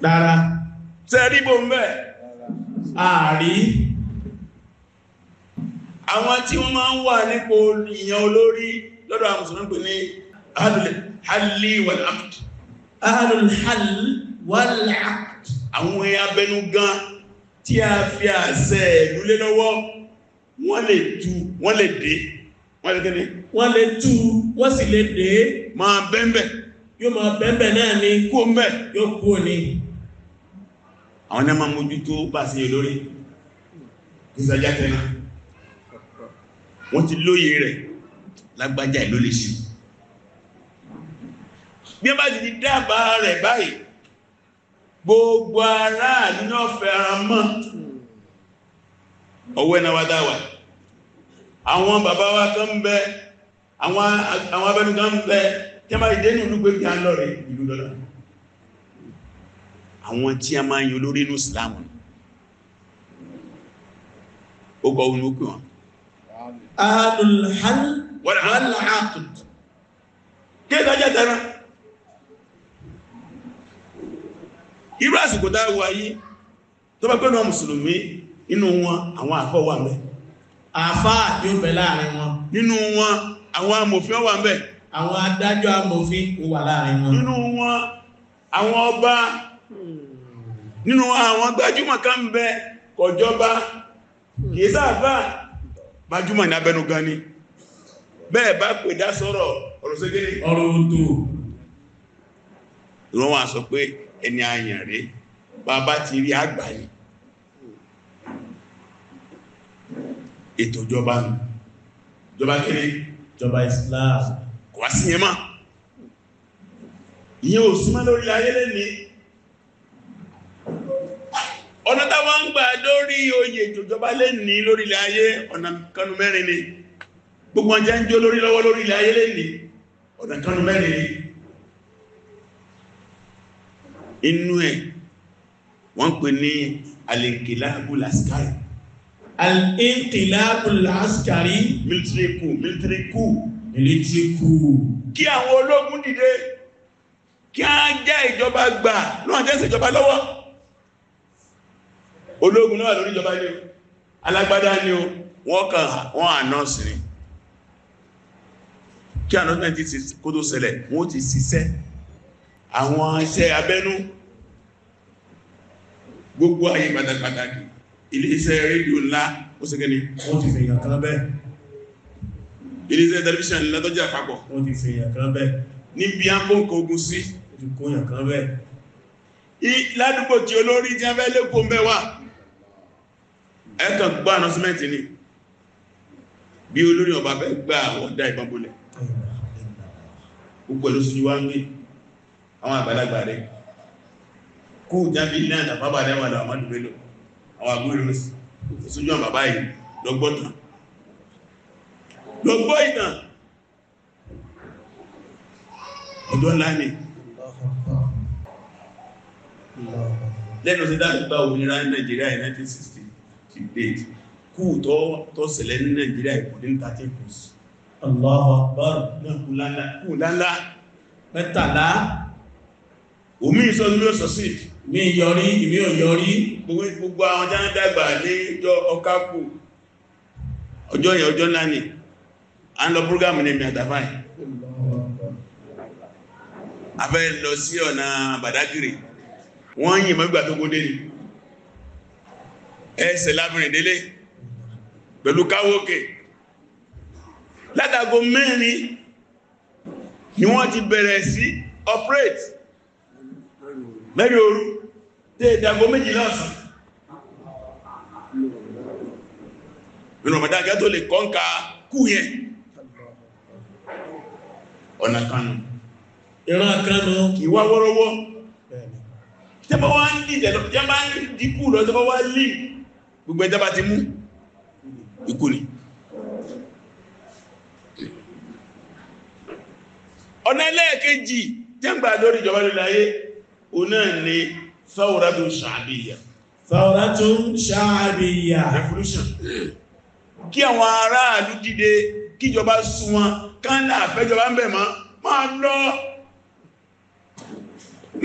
dára tẹ́ríbò ń bẹ̀ ààrí àwọn tí wọ́n máa ń wà nípò ìyàn olórí lọ́dọ̀ àwọn mùsùlùmí pè ní alùlẹ̀ halli wal aqd ahlul hall wal aqd àwọn abẹnugan tí a fi àṣẹ ìlú lé lọ́wọ́ wọ́n lè tú wọ́n lè dé wọ́n lè tẹ́lẹ̀ wọ́n lè tú wọ́n sì lè dé máa bẹ́ẹ̀bẹ̀ yóò máa bẹ́ẹ̀bẹ̀ náà ni kó mẹ́ yóò kú ní àwọn náà máa mójútó bá sí olórí ìsàjá tẹ́ná wọ́n ti lóye rẹ̀ lágbájá ìlólè sí i bí wọ́n bá ti dábàá rẹ̀ báyìí gbogbo ara náà fẹ́ràn mọ́ ọwọ́ ẹ̀nà wádá wà àwọn bàbá wa kan bẹ àwọn kan bẹ tí a máa ìdé ní awọn kí anyị olori ìlú àwọn tí a máa irú àsìkò tá a wà yìí tó bá pẹ́ náà mùsùlùmí nínú wọn àwọn àfọ́ wà mẹ́ àfáà tí ó bẹ láàrin wọn nínú wọn àwọn amòfin wà mẹ́ àwọn adájọ́ amòfin wà láàrin wọn nínú wọn àwọn bẹ́ẹ̀ bá pè dá sọ́rọ̀ ọ̀rọ̀ ọ̀rọ̀ òtò ìrọ̀wọ̀n àsọ pé ẹni àyàn rẹ̀ bàbá ti rí àgbáyé ètò ìjọba nù ìjọba kéré ìjọba Islam kò wá sí yẹn mọ́ ìyẹn ò súnmọ́ lórí ayé lẹ́ni ọ̀nà táwọn ń gbà lórí oyè ìjọba lẹ́ni lórí ilẹ̀ ayé ọ̀nà kanu mẹ́rin ni gbogbo ọjà ń jó lórí lọ́wọ́ lórí ilẹ̀ ọ̀nà kanu mẹ́rin ni inú ẹ̀ wọ́n pè ní al-inqilabul askari al-inqilabul askari military coup military coup military coup kí àwọn ológun dìde kí a jẹ́ ìjọba gbà lọ́wọ́n jẹ́ ìjọba lọ́wọ́ ológun náà lórí ìjọba ní alágbádá ní o wọ́n kàn wọ́n ànánsì ni kí ànánsì kó tó ṣẹlẹ̀ wọ́n ti ṣiṣẹ́ àwọn iṣẹ́ abẹ́nú gbogbo ayé pátápátá ni iléeṣẹ́ rédíò ńlá ó sì kẹ́ni wọ́n ti fèèyàn kan bẹ́ẹ̀ iléeṣẹ́ tẹlifíṣàn ńlá tọ́jú àpapọ̀ wọ́n ti fèèyàn kan bẹ́ẹ̀ níbi akóǹkà ogun sí ìkóyàn kan bẹ́ẹ̀ ládùúgbò tí olórí jẹ́ fẹ́ lẹ́kọ̀ọ́ mẹ́wàá ẹ̀kàn gbá anọ́símẹ́ntì ni bí olórí ọba fẹ́ gbá ọ̀dá ìbọn bolẹ̀ gbogbo ló sì wá ń gbé àwọn àgbàlagbà rẹ̀ kó jáde ní àdá bàbá rẹ̀ wà láwọn àdúgbò lọ àwọn àgbóyè lọ sí ìsúnjú àwọn bàbá yìí lọ́gbọ́n tán lọ́gbọ́n ìtàn ọ̀dọ́ ńlá ni lẹ́nu sí dájú bá òmìnira ní Nàìjíríà in 1960 to date kú tó ṣẹlẹ̀ ní Nàìjíríà ìpòdí ní 13 plus Allahu Akbar náà kú lálá mẹ́tàlá omi ìsọ́nulé sọ́síìtì mi yọrí ìmí ò yọrí gbogbo àwọn jáń dàgbà lé ọjọ́ ọkápù ọjọ́ yẹn ọjọ́ náà ni a ń lọ púrógámù ní mẹ́tàfáì afẹ́ lọ sí ọ̀nà bàdágìrì wọ́n yìn mọ́gbà tó kó délé ẹsẹ̀ lábìnrin délé pẹ̀lú káwókè látàgò mẹ́rin ni wọ́n ti bẹ̀rẹ̀ sí operate mẹ́rin òru dé ìdàgbọ́ méjìlá ọ̀sán nínú ọmọdé àgbà tó lè kọ́ǹkà kú yẹn ọ̀nà kanu ìran kanu ìwà wọ́rọ́wọ́ tẹ́bọ̀ wá ń dị lọ tẹ́ bá ń dìkú lọ tẹ́bọ̀ wá gbogbo ẹjọba ti mú ikú ni ọ̀nà ẹlẹ́ẹ̀kejì tẹ́gbà lórí ìjọba lórí ayé náà ni fáwọ́rátù ṣàbíyà fáwọ́rátù ṣàbíyà revolution kí àwọn aráàlú dìde kíjọba súnwọn kánlá àfẹ́jọba ń bẹ̀ mọ́ máa lọ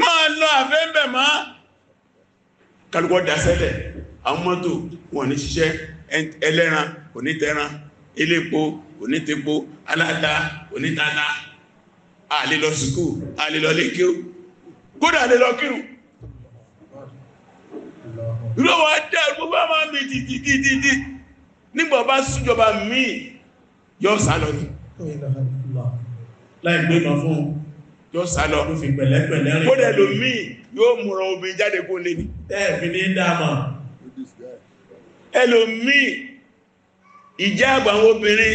máa lọ àfẹ́ ń bẹ̀ mọ́ kálùkọ́ dásẹ́lẹ̀ àwọn mọ́tò wọn ní ṣiṣẹ́ ẹlẹ́ran onítẹran elépo onítepo aláta onítata àlelọ sùkú kódà lè lọ kírun ló wá dá gbogbo àmà mi títítítí nígbà bá súnjọba míì yọ sálọ ni láì gbé ma fún yọ sálọ ló fi pẹ̀lẹ́pẹ̀lẹ́ rìn kódà lò míì yóò múra obìnrin jáde kó lè ní tẹ́ẹ̀fì ní dáàmà ẹlòmíì ìjẹ́ àgbà àwọn obìnrin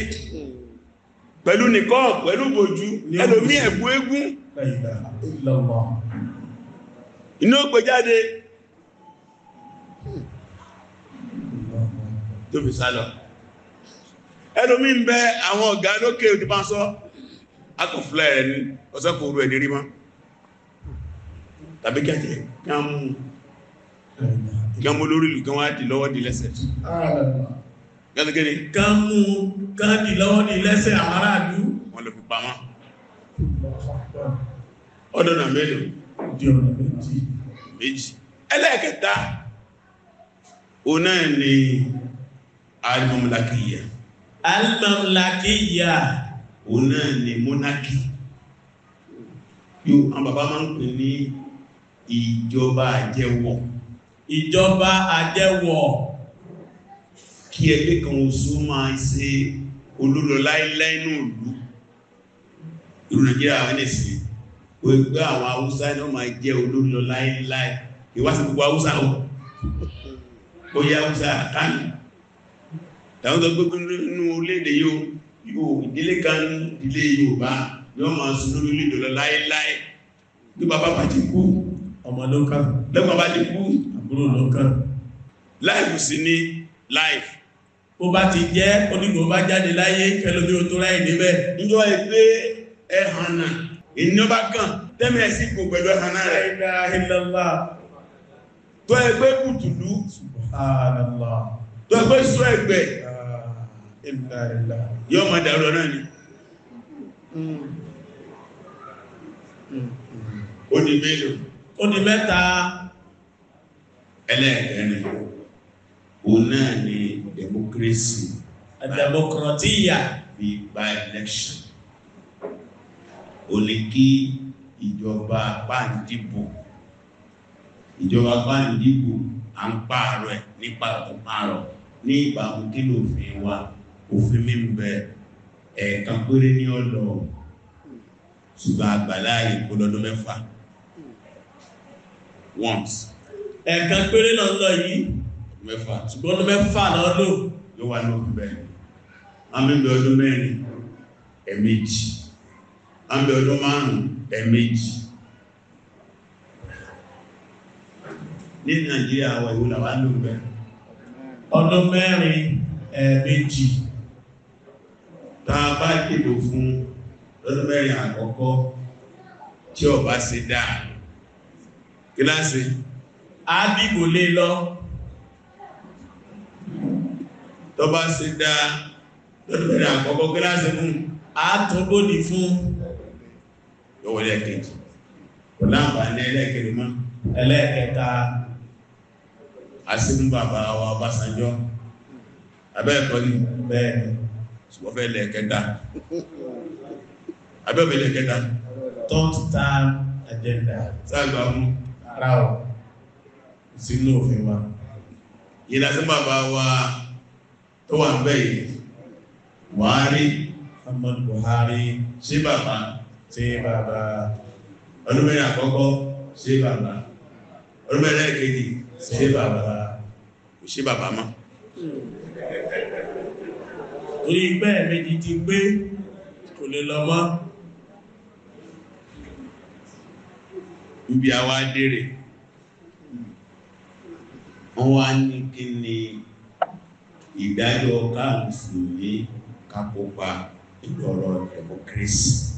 pẹ̀lú nìkọ́ pẹ̀lú bòjú ẹlòmíì ẹ̀bú eégún iná gbé jáde tó fi sálọ ẹlòmí ń bẹ àwọn ọ̀gá lókè òdìbá sọ akọ̀fúnlẹ̀ ẹni ọ̀sẹ́kòrò ẹni rí mọ́ tàbí kẹ́kẹ́ kí a mú ìgbàmú lórí ìlú kan wá dì lọ́wọ́ dì lẹ́sẹ̀ gẹ́gẹ́gẹ́ ká mú ká dì lọ́wọ́ ọdọ́nà mélòó di ọ̀nà méjì méjì ẹlẹ́ẹ̀kẹta òun náà ni alimọ̀mùlákìyà alimọ̀mùlákìyà òun náà ni monarchy yóò àwọn bàbá máa ń pè ní ìjọba àjẹwọ̀ ìjọba àjẹwọ̀ kí ẹgbẹ́ kan oṣù máa ṣe olólọ láìláì náà ẹnìsìn pé àwọn haúsá náà máa jẹ́ olórí lọ láíláí ìwáṣí gbogbo haúsá o ó yẹ haúsá àtàní tàwọn tó gbogbo nínú orílẹ̀-èdè yóò ìdílé kan ìdílé Yorùbá yóò máa sún lórí olórí lọ láíláí bí bàbá bá ti kú ọmọ ló kàn lẹ́gbọ́n bá ti kú àbúrò ló kàn láìfù sí ní láìfù bó bá ti jẹ́ onígbò bá jáde láyé kẹlòmí ò tó láì níbẹ̀ níjọ́ ẹ̀ pé ẹ̀hànà ìníọba kan tẹ́mẹ̀ sí kò pẹ̀lú ẹ̀hànà rẹ̀ tó ẹgbẹ́ kùtùlú tó ẹgbẹ́ sọ ẹgbẹ́ yọ ma dàrọ náà ni ó di mélòó ó di mẹ́ta ẹlẹ́ẹ̀kẹ́rin òun náà ni democracy a democratia bí by election o ní kí ìjọba pàǹdìbò ìjọba pàǹdìbò à ń pààrọ̀ ẹ̀ nípa ìpààrọ̀ ní ìbámu kí lòfin wa òfin mi ń bẹ ẹ̀ẹ̀kan péré ní ọ̀dọ̀ ṣùgbọ́n àgbàlá ìkó lọ́dún mẹ́fà once ẹ̀ẹ̀kan péré lọ lọ yìí mẹ́fà ṣùgbọ́n ọdún mẹ́fà lọ́lò ló wà lóògùn bẹ́ẹ̀ àmì àmì ọdún márùn-ún ẹ̀mẹ́jì ní Nàìjíríà àwọn ìwò làwà ń lò bẹ́ ọdún mẹ́rin ẹ̀mẹ́jì ta bá dìbò fún ọdún mẹ́rin àkọ́kọ́ tí ó bá ṣe dáa kíláàsì a lé lọ tó bá dáa lọ́dún mẹ́rin àkọ́kọ́ kíláàsì fún àtúnbó ní fún yóò wọlé ẹ̀kejì kò láǹfààní ẹlẹ́ẹ̀kejì mọ́ ẹlẹ́ẹ̀kẹta asínú bàbá wa Ọbásanjọ́ abẹ́ẹ̀kọ́ ni bẹ́ẹ̀ ṣùgbọ́n fẹ́ lẹ́ẹ̀kẹta abẹ́ẹ̀fẹ́ lẹ́ẹ̀kẹta third time agenda sáàgbà mú ara ọ̀ sínú òfin wa yìí lásán bàbá wa tó wà ń bẹ̀ yìí Buhari Muhammadu Buhari ṣé bàbá sí bàbá ọdún mẹ́rin àkọ́kọ́ sí bàbá ọdún mẹ́rin ẹ̀kejì sí bàbá kò sí bàbá mọ́ torí pẹ́ méjì ti gbé kò lè lọ mọ́ ibi àwa dèrè wọ́n wá ní kí ni ìdájọ́ káàmùsùn ní kápópa ìlọ́rọ̀ democracy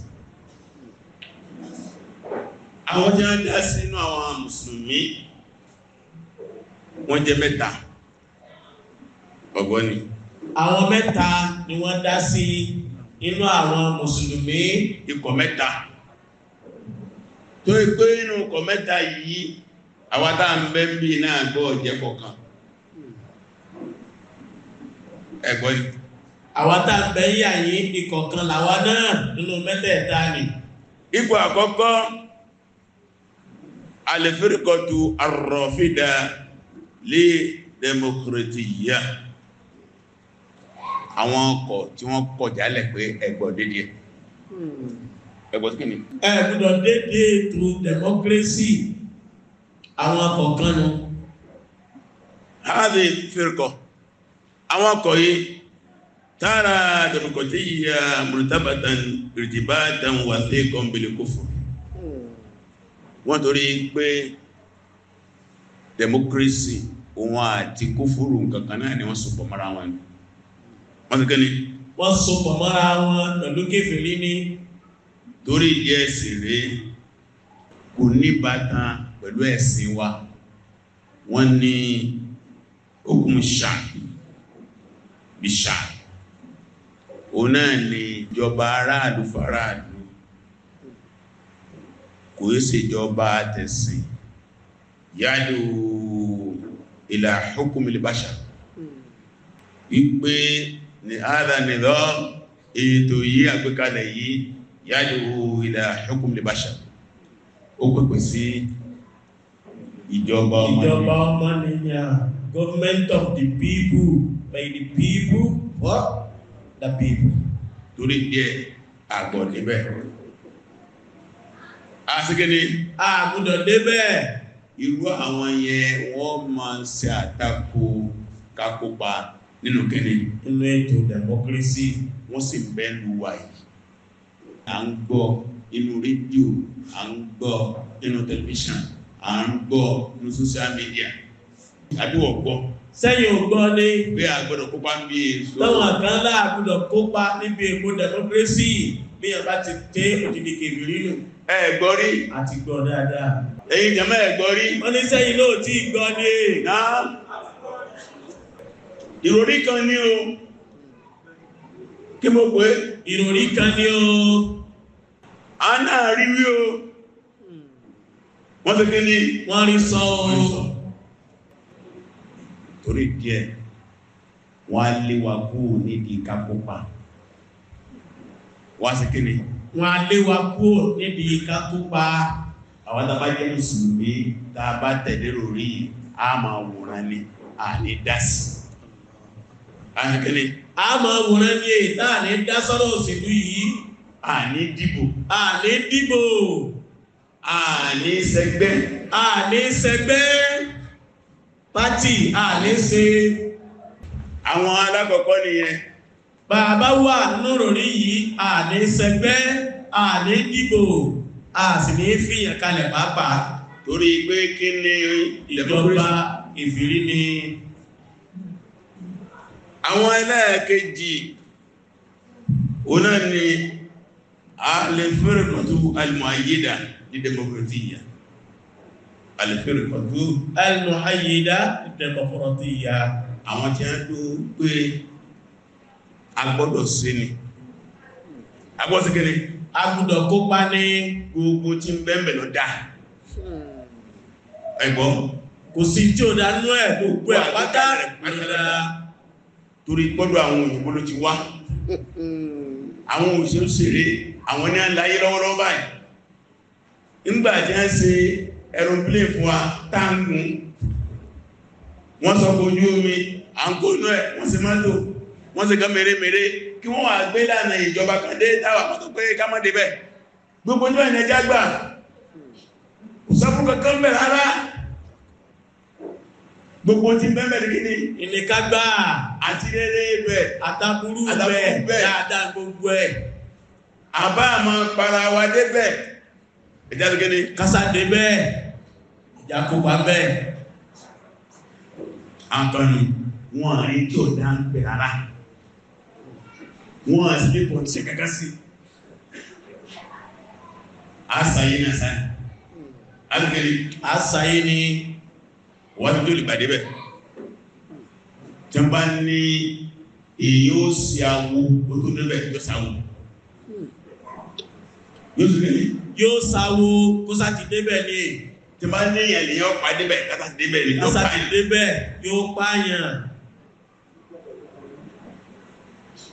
àwọn tí wọ́n dá sínú àwọn mùsùlùmí wọ́n jẹ́ mẹ́ta ọgbọ́n ni. àwọn mẹ́ta ni wọ́n dá sí inú àwọn mùsùlùmí ikọ̀ mẹ́ta tó ìpé inú ikọ̀ mẹ́ta yìí àwọn tá à ń bẹ́ ń bì náà gbọ́ ọ̀jẹ́ kọ̀ọ̀kan ẹ̀gbọ́n ni. àwọn tá à ń bẹ́ ń yà ikọ̀ kan làwọn náà nínú mẹ́tẹ̀ẹ̀ta ni. ipò àkọ́kọ́ alẹ́fẹ́rẹ́kọ́tù arọ̀fídà lé demokiritiya àwọn ọkọ̀ tí wọ́n kọ̀ jálẹ̀ pé ẹgbọ́ dédé ẹgbọ́ sí kìíní ẹgbọ́dọ̀ dédé to democracy àwọn ọkọ̀ kan nù. háàdì fẹ́rẹ́kọ́ àwọn ọkọ̀ yìí tara demokratiya murtabatan irtibatan wathiqan bil kufr wọ́n torí pé democracy òun àti kúfúrú nǹkankan náà ni wọ́n sọpọ̀ mara wọn ni wọ́n tẹ́kẹ́ ni wọ́n sọpọ̀ mara wọn pẹ̀lú kéfèrí ní torí ìdí ẹ̀sìn rẹ̀ kò ní bàtàn pẹ̀lú ẹ̀sìn wa wọ́n ní okùn ṣáà bí ṣáà òun náà ni ìjọba aráàlú faraàlú kò í ṣèjọba tẹ̀sìn yálò ìlà hukumil bashar wípé ní àdá nìdọ́ ètò yìí àgbékalẹ̀ yìí yálò ìlà hukumil bashar ó pẹ̀pẹ̀ sí ìjọba ọmọnìyàn government of the people by the people what? lábẹ́bù torí díẹ̀ àgbọ̀ níbẹ̀ àsìkèdè àgùdọ̀ débẹ̀ irú àwọn yẹn wọ́n máa ń ṣe àtakò kakópa nínú kẹ́ni nínú ètò democracy wọ́n sì bẹ́ẹ̀lú wà yìí à ń gbọ́ inú rédíò à ń gbọ́ inú tẹlifíṣàn à ń gbọ́ inú social media àbí wọ́n gbọ́ sẹ́yìn ògbọ́ ní pé àgbọ̀dọ̀ kópa ń bí èso tọ́wọ̀n kan láàgbọ̀dọ̀ kópa níbi èkó democracy bí ẹ̀bá ti tẹ́ òdìdí kèbìrì nù ẹ̀gbọ́ rí àti gbọ́ dáadáa èyí jẹ́mọ́ ẹ̀gbọ́ rí wọ́n ní sẹ́yìn lóò tí gbọ́ ní náà ìròrí kan ní o kí mo pé ìròrí kan ní o a náà rí wí o wọ́n ti kí ni wọ́n rí sọ oòrùn torí díẹ̀ wọ́n á lé wa kú nídìí ká kópa wá sí kíni wọ́n á lé wa kú nídìí ká kópa àwọn tá jẹ́ mùsùlùmí tá a bá tẹ̀lé lórí a máa wòran ni a ní dá sí àkíní a máa wòran ni èyí tá a ní dá sọ́rọ̀ òṣèlú yìí a ní dìbò a ní dìbò a ní ṣẹgbẹ́ a ní ṣẹgbẹ́ pátì àlé ṣe àwọn alákọ̀ọ́kọ́ nìyẹn bàbá wà lóròrí yìí àlé ṣẹgbẹ́ àlé dìbò àsì ní fìyàn kalẹ̀ pàápàá torí pé kí ni ìjọba ìfìrí ni àwọn ẹlẹ́ẹ̀kejì onáà ni àlè fẹ́rẹ̀ pàtó alìmọ̀ àyídà ní democratia alifirikọ̀tù alimuhayida dẹmọkọrọtì ya àwọn tí a ń tó pé a gbọ́dọ̀ sí ni a gbọ́dọ̀ sí kiri a gbọ́dọ̀ kópa ní gbogbo tí ń bẹ́ẹ̀mẹ̀ lọ dáa ẹ̀gbọ́n kò sí tí ó dánú ẹ̀ tó pé àpáta torí gbọ́dọ̀ àwọn òyìnbó ló ti wá àwọn òṣèré àwọn ní àláyé lọ́wọ́lọ́wọ́ báyìí nígbà tí a ń aeroplane fún wa táǹgùn wọ́n sọ ojú omi à ń kó inú ẹ̀ wọ́n sì máa lò wọ́n sì ká mèremère kí wọ́n wà gbé lànà ìjọba kan dé táwà kan tó pé ká má débẹ̀ gbogbo ní ọ̀nà ẹja gbà kò sọ́fún kankan bẹ̀ rárá gbogbo tí bẹ́ẹ̀ rí ní ìníkágbà àti rere ibẹ̀ àtàkùrú ibẹ̀ dáadáa gbogbo ẹ̀ àbá àmọ́ para wa débẹ̀ ìjádùgẹ́ ni kásá débẹ̀ Jacob abẹ́ Anthony wọ́n rí tí ò dá ń pè rárá wọ́n sì ní pọ̀ ṣe kẹ́kẹ́ sí àṣàyé ní àṣàyé alùgbèrè àṣàyé ní wọ́n tó lè gbàdé bẹ̀ tí wọ́n bá ní èyí ó sì àwọ ojú níbẹ̀ yóò sáwọ yóò sáwọ kó sá ti débẹ̀ ní tí máa ní ẹ̀lẹ̀ yọ pa débẹ̀ látàtì débẹ̀ ní tó pààyàn débẹ̀ yóò pààyàn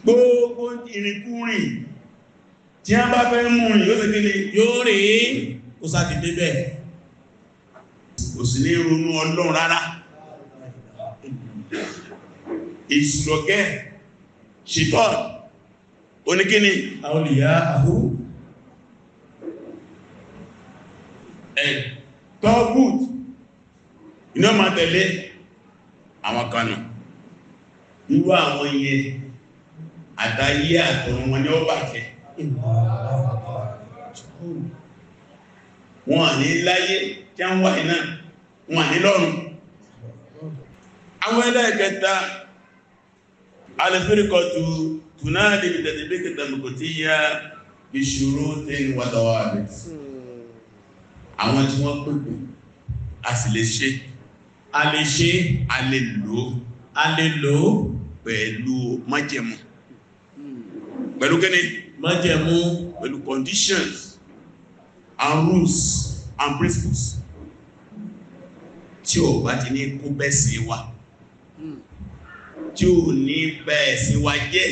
gbogbo ìrìnkúrìn tí a bá fẹ́ mú rìn yóò tẹ́kí ni yóò rí kò sáti débẹ̀ kò sí ní ronú ọlọ́run rárá ìsùlọ̀gẹ́ ṣìtọ́ oníkíní àwọn olùyá àhú tọ́gùt iná máa tẹ̀lé àwọn kanà irú àwọn iye àtàyé àtọ̀run wọn ni ó bàjẹ́ wọn ní láyé tí a ń wà iná wọn ní lọ́run àwọn ẹlẹ́ẹ̀kẹta alẹ́fẹ́ríkọtù tùnáàdì ìtẹ̀tẹ̀bẹ́kẹta mọ̀kòtíyà ìṣòro tẹ́yìn wàtàwà rẹ̀ àwọn tí wọ́n pèpò a sì lè ṣe a lè ṣe a lè lò a lè lò pẹ̀lú májẹ̀mú pẹ̀lú kíni májẹ̀mú pẹ̀lú conditions and rules and principles tí ò bá ti ní kó bẹ́sìn wa tí ò ní bẹ́sìn wa jẹ́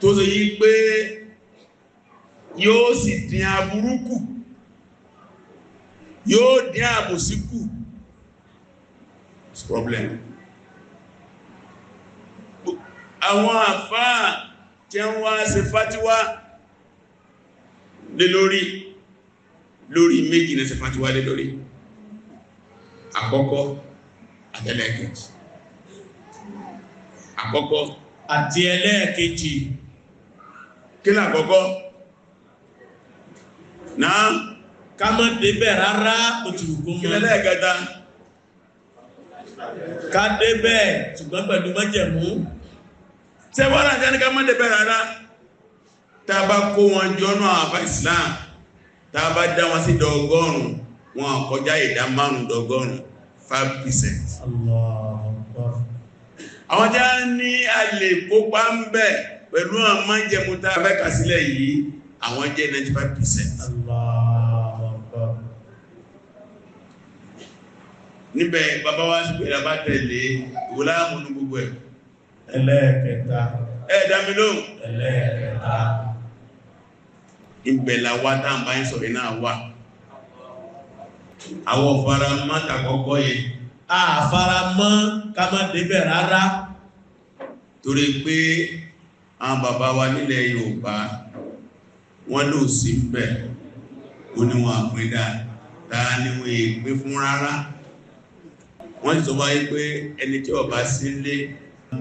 tó ṣe yí pé yóò sì dín aburú kù yóò dín àbòsí kù problem àwọn àfáà tí ń wá ṣe fátíwá lé lórí lórí méjì ní ṣe fátíwá lé lórí àkọ́kọ́ àtẹ́lẹ́kejì àkọ́kọ́ àti ẹlẹ́ẹ̀kejì kí làkọ́kọ́ náà ká mọ́ débẹ̀ rárá òtùrùkú mọ́ kílẹ̀lẹ́ ẹ̀gẹta ká débẹ̀ ṣùgbọ́n pẹ̀lú mọ́jẹ̀mú tẹ́ wọ́n láti ẹni ká mọ́ débẹ̀ rárá tá a bá kó wọn jọ́nà àbá Islam tá a bá dá wọn sí dọ́gọ́rùn wọn kọjá ìdá márùn dọ́gọ́rùn 5% àwọn jẹ́ ní alè kópa ń bẹ̀ pẹ̀lú àwọn mọ́jẹ̀mú tá a fẹ́ kà sílẹ̀ yìí àwọn jẹ́ 95% Allah níbẹ̀ bàbá wá sí pẹ̀lú bá tẹ̀lé ìwòláàmù ní gbogbo ẹ̀ ẹlẹ́ẹ̀kẹta ẹ̀ẹ́dámilóhùn ẹlẹ́ẹ̀kẹta ìbẹ̀là wá tàbá ń sọ̀rọ̀ náà wà àwọn ọ̀fara mọ́ tàkọ́kọ́ yẹ àfara mọ́ ká má débẹ̀ rárá torí pé àwọn bàbá wa nílẹ̀ Yorùbá wọ́n lò sí bẹ̀ ó ní wọn ni wọ́n èpé fún rárá wọ́n sì sọ wáyé pé ẹni tí ọba sí lé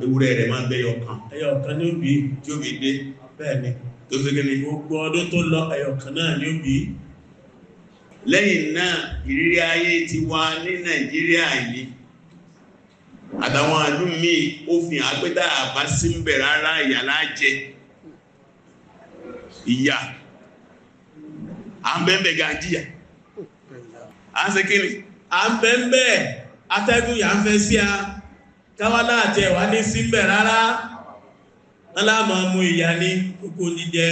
ewúrẹ́ rẹ̀ máa ń bẹ́ yọkan ẹyọkan ní òbí tí ó bí dé bẹ́ẹ̀ni tó fi gẹ́ni gbogbo ọdún tó lọ ẹyọkan náà ní òbí lẹ́yìn náà ìrírí ayé ti wá ní nàìjíríà yìí àtàwọn àdún míì ó fi hàn pé tá a bá sí ń bẹ̀ rárá ìyà lájẹ ìyà à ń bẹ́ẹ̀ bẹ́ẹ̀ ga jíyà ń ṣe à ń bẹ́ẹ̀ bẹ́ẹ̀ atẹ́gùn yà ń fẹ́ sí a káwá náà jẹ wà ní símbẹ̀ rárá aláàmọ́ mú ìyà ní kókó jíjẹ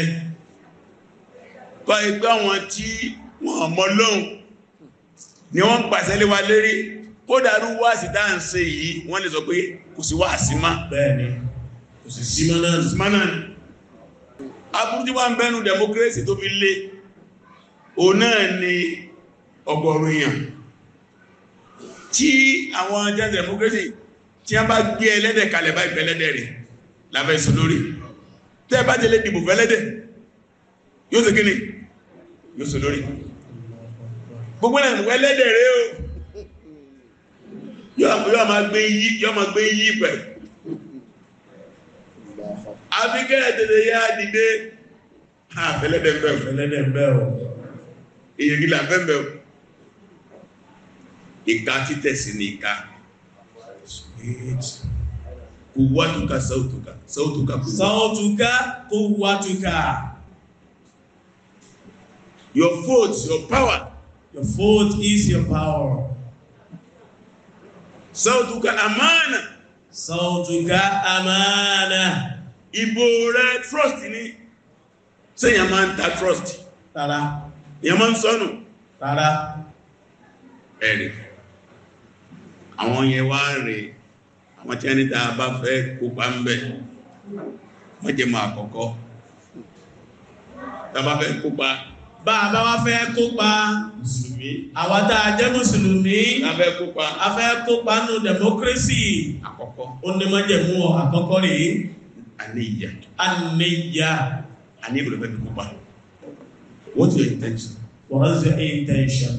kọ́ ẹgbẹ́ wọn tí wọ́n mọ́ lóhun ni wọ́n ń pàṣẹ lé wa lérí kó dárú wáàsí dáà ń ṣe yìí wọ́n lè sọ pé kò sí wáàsí má bẹ́ẹ̀ni kò sí sí mọ́nà ni abúrúdí wá ń bẹ́nu democracy tó fi lé òun náà ni ọgọ́rùn-ún tí àwọn jẹ́ democracy tí a bá gbé ẹlẹ́dẹ̀ kalẹ̀ bá ìfẹ́lẹ́dẹ̀ rẹ̀ lábẹ́ ìsọ lórí tẹ́ bá jẹ́ lè dìbò fẹ́lẹ́dẹ̀ yóò sì kíni yóò sọ lórí gbogbo ẹ̀mù ẹlẹ́dẹ̀ rẹ̀ o yóò máa gbé yí ìpẹ̀ àfikẹ́ ẹ̀tẹ̀lẹ̀ yá dìde àfẹ́lẹ́dẹ̀ fẹ́ fẹ́lẹ́dẹ̀ fẹ́ o èyí gílà fẹ́ mẹ́ o ìka títẹ̀ sí ní ìka kò wátúka sáótúka sáótúka kò sáótúka kò wátúka your foot your power your foot is your power sáótúka amánà sáótúka amánà ìbò rẹ̀ trust ni sẹ́yìn máa ń ta trust rárá ìyẹn máa ń sọ́nù rárá ẹ̀rẹ̀ àwọn yẹn wá rè àwọn tí wọ́n ní tá a bá fẹ́ kópa ń bẹ̀ wọ́n jẹ́ mọ́ àkọ́kọ́ tá a bá fẹ́ kópa bá a bá wá fẹ́ kópa mùsùlùmí àwa tá a jẹ́ mùsùlùmí a fẹ́ kópa a fẹ́ kópa nù democracy àkọ́kọ́ ó ní mọ́ jẹ̀mú àkọ́kọ́ rèé àníyà àníyà àníyà ìgbòlùfẹ́ kópa what's your intention what's your intention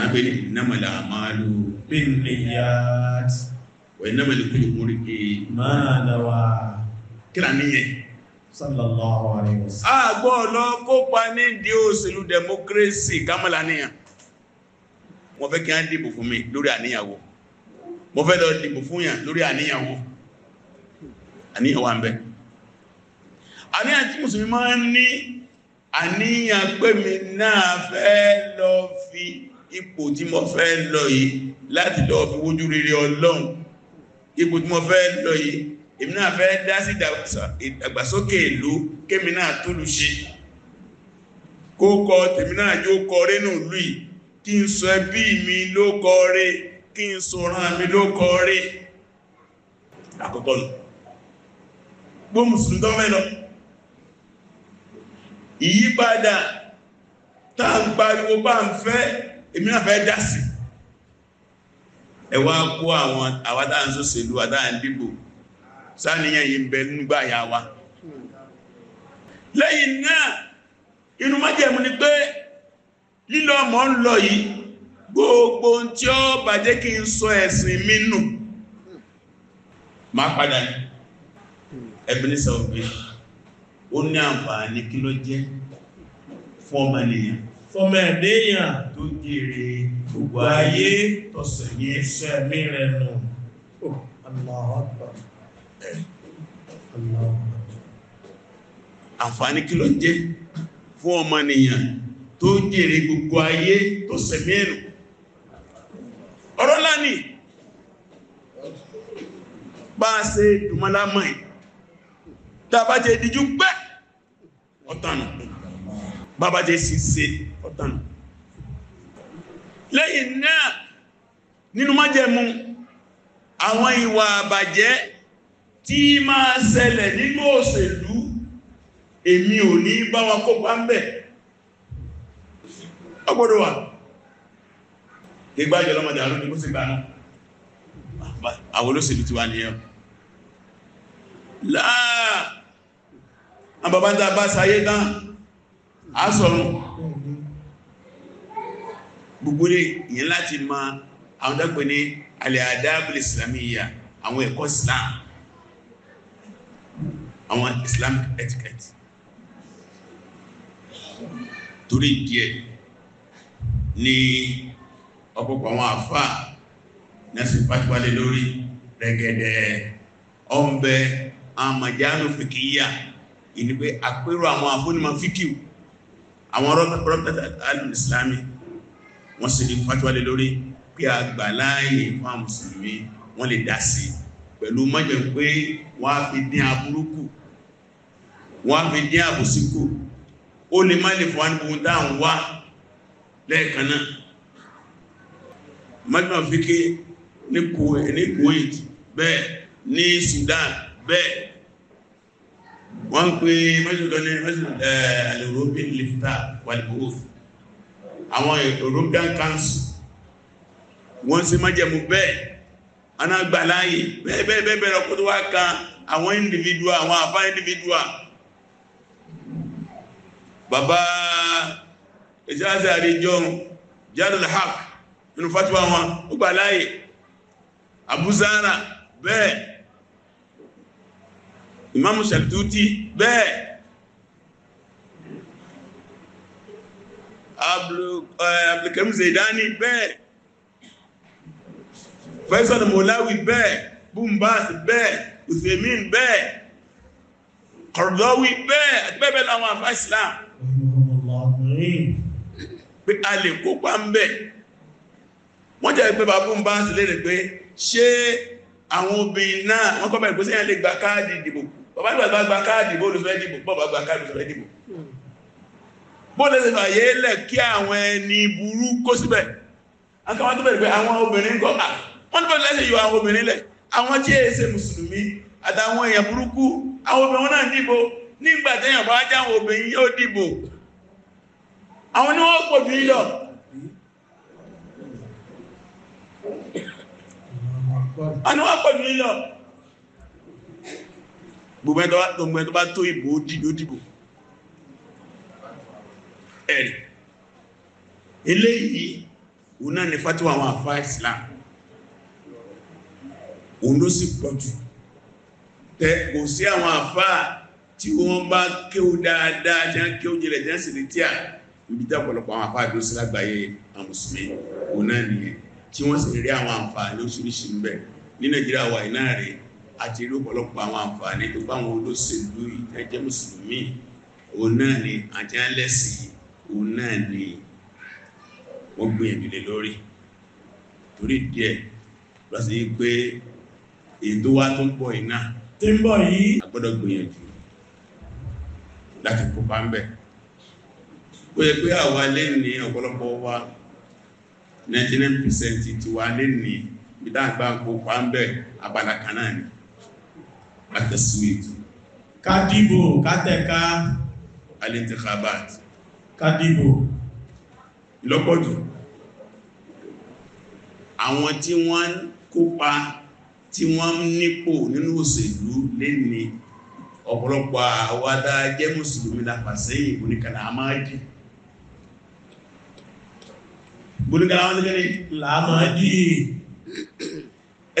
àgbẹ̀ ìnámàlà àmàlù bínniyàt wà ìnámàlà kúlù múrìkì máa dáwà kíra níyẹn sallallahu alayhi wa sallam àgbọ́ lọ kópa ní di òṣèlú democracy kámàlà níyàn wọ́n fẹ́ kí á dìbò fún mi lórí àníyàwó mo fẹ́ lọ dìbò fún yàn lórí àníyàwó àníyàwó àmbẹ àníyàn tí mùsùlùmí máa ń ní àníyàn pé mi náà fẹ́ lọ fi ipò tí mo fẹ́ lọ yìí láti lọ fi wójú rere ọlọ́run ipò tí mo fẹ́ lọ yìí èmi náà fẹ́ dá sí ìdàgbàsókè ìlú kémi náà túlù ṣe kó kọ tèmi náà yóò kọ rénù lù yìí kí n sọ ẹbí mi ló kọ ré kí n sọ ọ̀ràn mi ló kọ ré àkọ́kọ́ nù gbó mùsùlùmí tó mẹ́lọ ìyípadà tá à ń pariwo bá ń fẹ́ èmi náà fẹ́ dá sí ẹ wá kó àwọn àwádáà ń sòṣèlú àdáà ń dìbò sáníyàn yìí ń bẹ nígbà àyà wa lẹ́yìn náà inú májẹ̀mú ni pé lílọ mọ́ ń lọ yìí gbogbo tí ó bàjẹ́ kí n sọ ẹ̀sìn mi nù máa padà ní ẹbìnrin sọ pé ó ní àǹfààní kí ló jẹ́ fún ọmọ ènìyàn fọmọ ẹ̀dẹ́yàn tó jèrè gbogbo ayé tọ̀sẹ̀ yẹ sẹ́mí rẹ̀ nù oh, àǹfààní kí ló ń jẹ́ fún ọmọnìyàn tó jèrè gbogbo ayé tọ̀sẹ̀ mẹ́rin ọ̀rọ̀ lánìí bá a ṣe dùmọ́lámọ́ ì tàbájẹ́ ìdíjú pẹ́ ọ̀tànà bàbá jẹ́ sí ṣe ọ̀tànù lẹ́yìn náà nínú májẹ̀mú àwọn ìwà àbàjẹ́ tí máa ṣẹlẹ̀ nínú òṣèlú èmi ò ní bá wa kópa ń bẹ̀ ọgbọ́dọ̀ wà gbígbájọ lọ́mọdé àrùn ní kó sì gbà náà àwọn olóṣèlú ti wà ní ẹ̀ láà àbàbá ń ta bá sáyé dáa a sọ̀rọ̀ gbogbo rẹ̀ yẹn láti ma àwọn dápẹ́ ní alẹ́ àdábìlì islamiyya àwọn ẹ̀kọ́ islam àwọn islamic etiquette torí díẹ̀ ní ọ̀pọ̀pọ̀ àwọn àfá náà sì pàtíwálé lórí rẹ̀gẹ̀dẹ̀ ọmọbẹ̀ àmàjánù fìkìyà ìní pé àpérò àwọn afúnimọ̀ fíkìwò àwọn rọ́pẹ́tà alìsìlámi wọ́n sì ní fàtíwálé lórí pé a gbà láàyè fún àwọn mùsùlùmí wọ́n lè dá sí pẹ̀lú mọ́jẹ̀ pé wọ́n á fi dín aburúkù wọ́n á fi dín àbòsíkù ó lè má lè fún àwọn táwọn wá lẹ́ẹ̀kan náà mọ́jọ́ fíkẹ́ ní Kuwait bẹ́ẹ̀ ní Sudan bẹ́ẹ̀ wọ́n ń pè mẹ́sùlùmí eh, european lifta waliboof àwọn european council wọ́n sì májẹ̀mú bẹ́ẹ̀ anágbà láàyè bẹ́ẹ̀ bẹ́ẹ̀ bẹ́ẹ̀ bẹ́ẹ̀ lọ́kọ́ tó wá kan àwọn individual àwọn àfá individual bàbá ìsáàsẹ̀ àríjọ jadul haq nínú fatiwa wọn ó gbà láàyè abuzana bẹ́ẹ̀ ìmáàmù sẹ̀tútì bẹ́ẹ̀ eh, abdulkarim zaidani bẹ́ẹ̀ faisal molawi bẹ́ẹ̀ bumbas bẹ́ẹ̀ uthemin bẹ́ẹ̀ kọ̀rọ̀dọ́wì bẹ́ẹ̀ àti bẹ́ẹ̀ bẹ́ẹ̀ láwọn àfá islam pé a lè kópa ń bẹ̀ wọ́n jẹ́ pé bàbá bumbas lè rẹ̀ pé ṣé àwọn obìnrin náà wọ́n kọ́ bẹ̀rẹ̀ pé sí lè gba káàdì ìdìbò kù bàbá ìgbà gba káàdì bóòlù fẹ́ dìbò bàbá gba káàdì fẹ́ dìbò bóòlù ẹsẹ̀ fàyè lẹ̀ kí àwọn ẹni burú kó síbẹ̀ akáwọn tó bẹ̀rẹ̀ pé àwọn obìnrin kọ́ à wọ́n ní bọ́ọ̀lù ẹsẹ̀ yọ àwọn obìnrin lẹ̀ àwọn tí èyí ṣe mùsùlùmí àtàwọn èèyàn burúkú àwọn obìnrin náà dìbò nígbà téèyàn bá já àwọn obìnrin yóò dìbò àwọn ni wọ́n pọ̀ jù lọ àwọn ni wọ́n pọ̀ jù lọ gbogbo ẹni tó bá tó ìbò ó dìbò dìbò ẹ̀rì eléyìí òun náà ni fatiwa àwọn àfáà Islam òun ló sì pọ̀ jù tẹ kò sí àwọn àfáà tí wọ́n bá kéwú dáadáa jẹ́ kéwú jẹ́ lẹ́jẹ́ sì ní tíà ibi tí ọ̀pọ̀lọpọ̀ àwọn àfáà ìdúró sí lágbàáyé àwọn mùsùlùmí òun náà nìyẹn tí wọ́n sì rí àwọn àǹfààní oṣooṣì ń bẹ ní Nàìjíríà wà iná rèé àti irú ọ̀pọ̀lọpọ̀ àwọn àǹfààní tó bá àwọn olóṣèlú ìtẹ́jẹ́ mùsùlùmí òun náà ni àti alẹ́sì òun náà ni wọ́n gbìyànjú lé lórí torí díẹ̀ lọ́sí pé ètò wa tó ń bọ̀ iná tí ń bọ̀ yìí agbọ́dọ̀ gbìyànjú láti kópa ń bẹ̀ ó yẹ pé àwa lè ní ọ̀pọ̀lọpọ̀ wa 99% ti wa lè ní ìdáǹgbà kópa ń bẹ̀ abala kan náà ni àtẹ̀síwìtì ká dìbò ká tẹ̀ka alintikabat ká dìbò ìlọ́pọ̀jù àwọn tí wọ́n kópa tí wọ́n nípò nínú òṣèlú lè ní ọ̀pọ̀lọpọ̀ àwádá jẹ́ mùsùlùmí lápàsẹ́yìn oníkàlà àmáàjì gbóníkàlà àwọn oníkàlà àmáàjì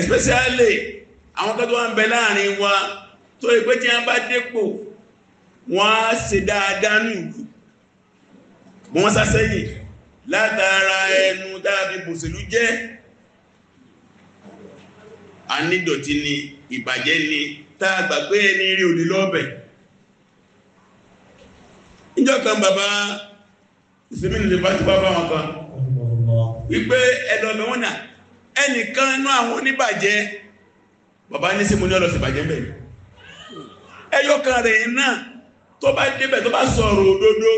especially àwọn kan tó wá ń bẹ láàrin wa tó ìpé tí a bá dépò wọ́n á ṣe dáadáa ní ìlú wọ́n sásẹ́yìn látara ẹnu dábí bòṣèlú jẹ́ a nídọ̀tí ni ìbàjẹ́ ni tààgbà pé ẹni rí òní lọ́bẹ̀ ìjọ kan bàbá ìsinmi lè bá ti bàbá wọn kan wípé ẹ̀dọ̀bẹ̀ wọn ẹnìkan náà àwọn oníbàjẹ́ bàbá ní sí mo ní ọlọ́sìn ìbàjẹ́ mbẹ̀ ẹyọ kan rẹ̀ náà tó bá débẹ̀ tó bá sọ̀rọ̀ òdodo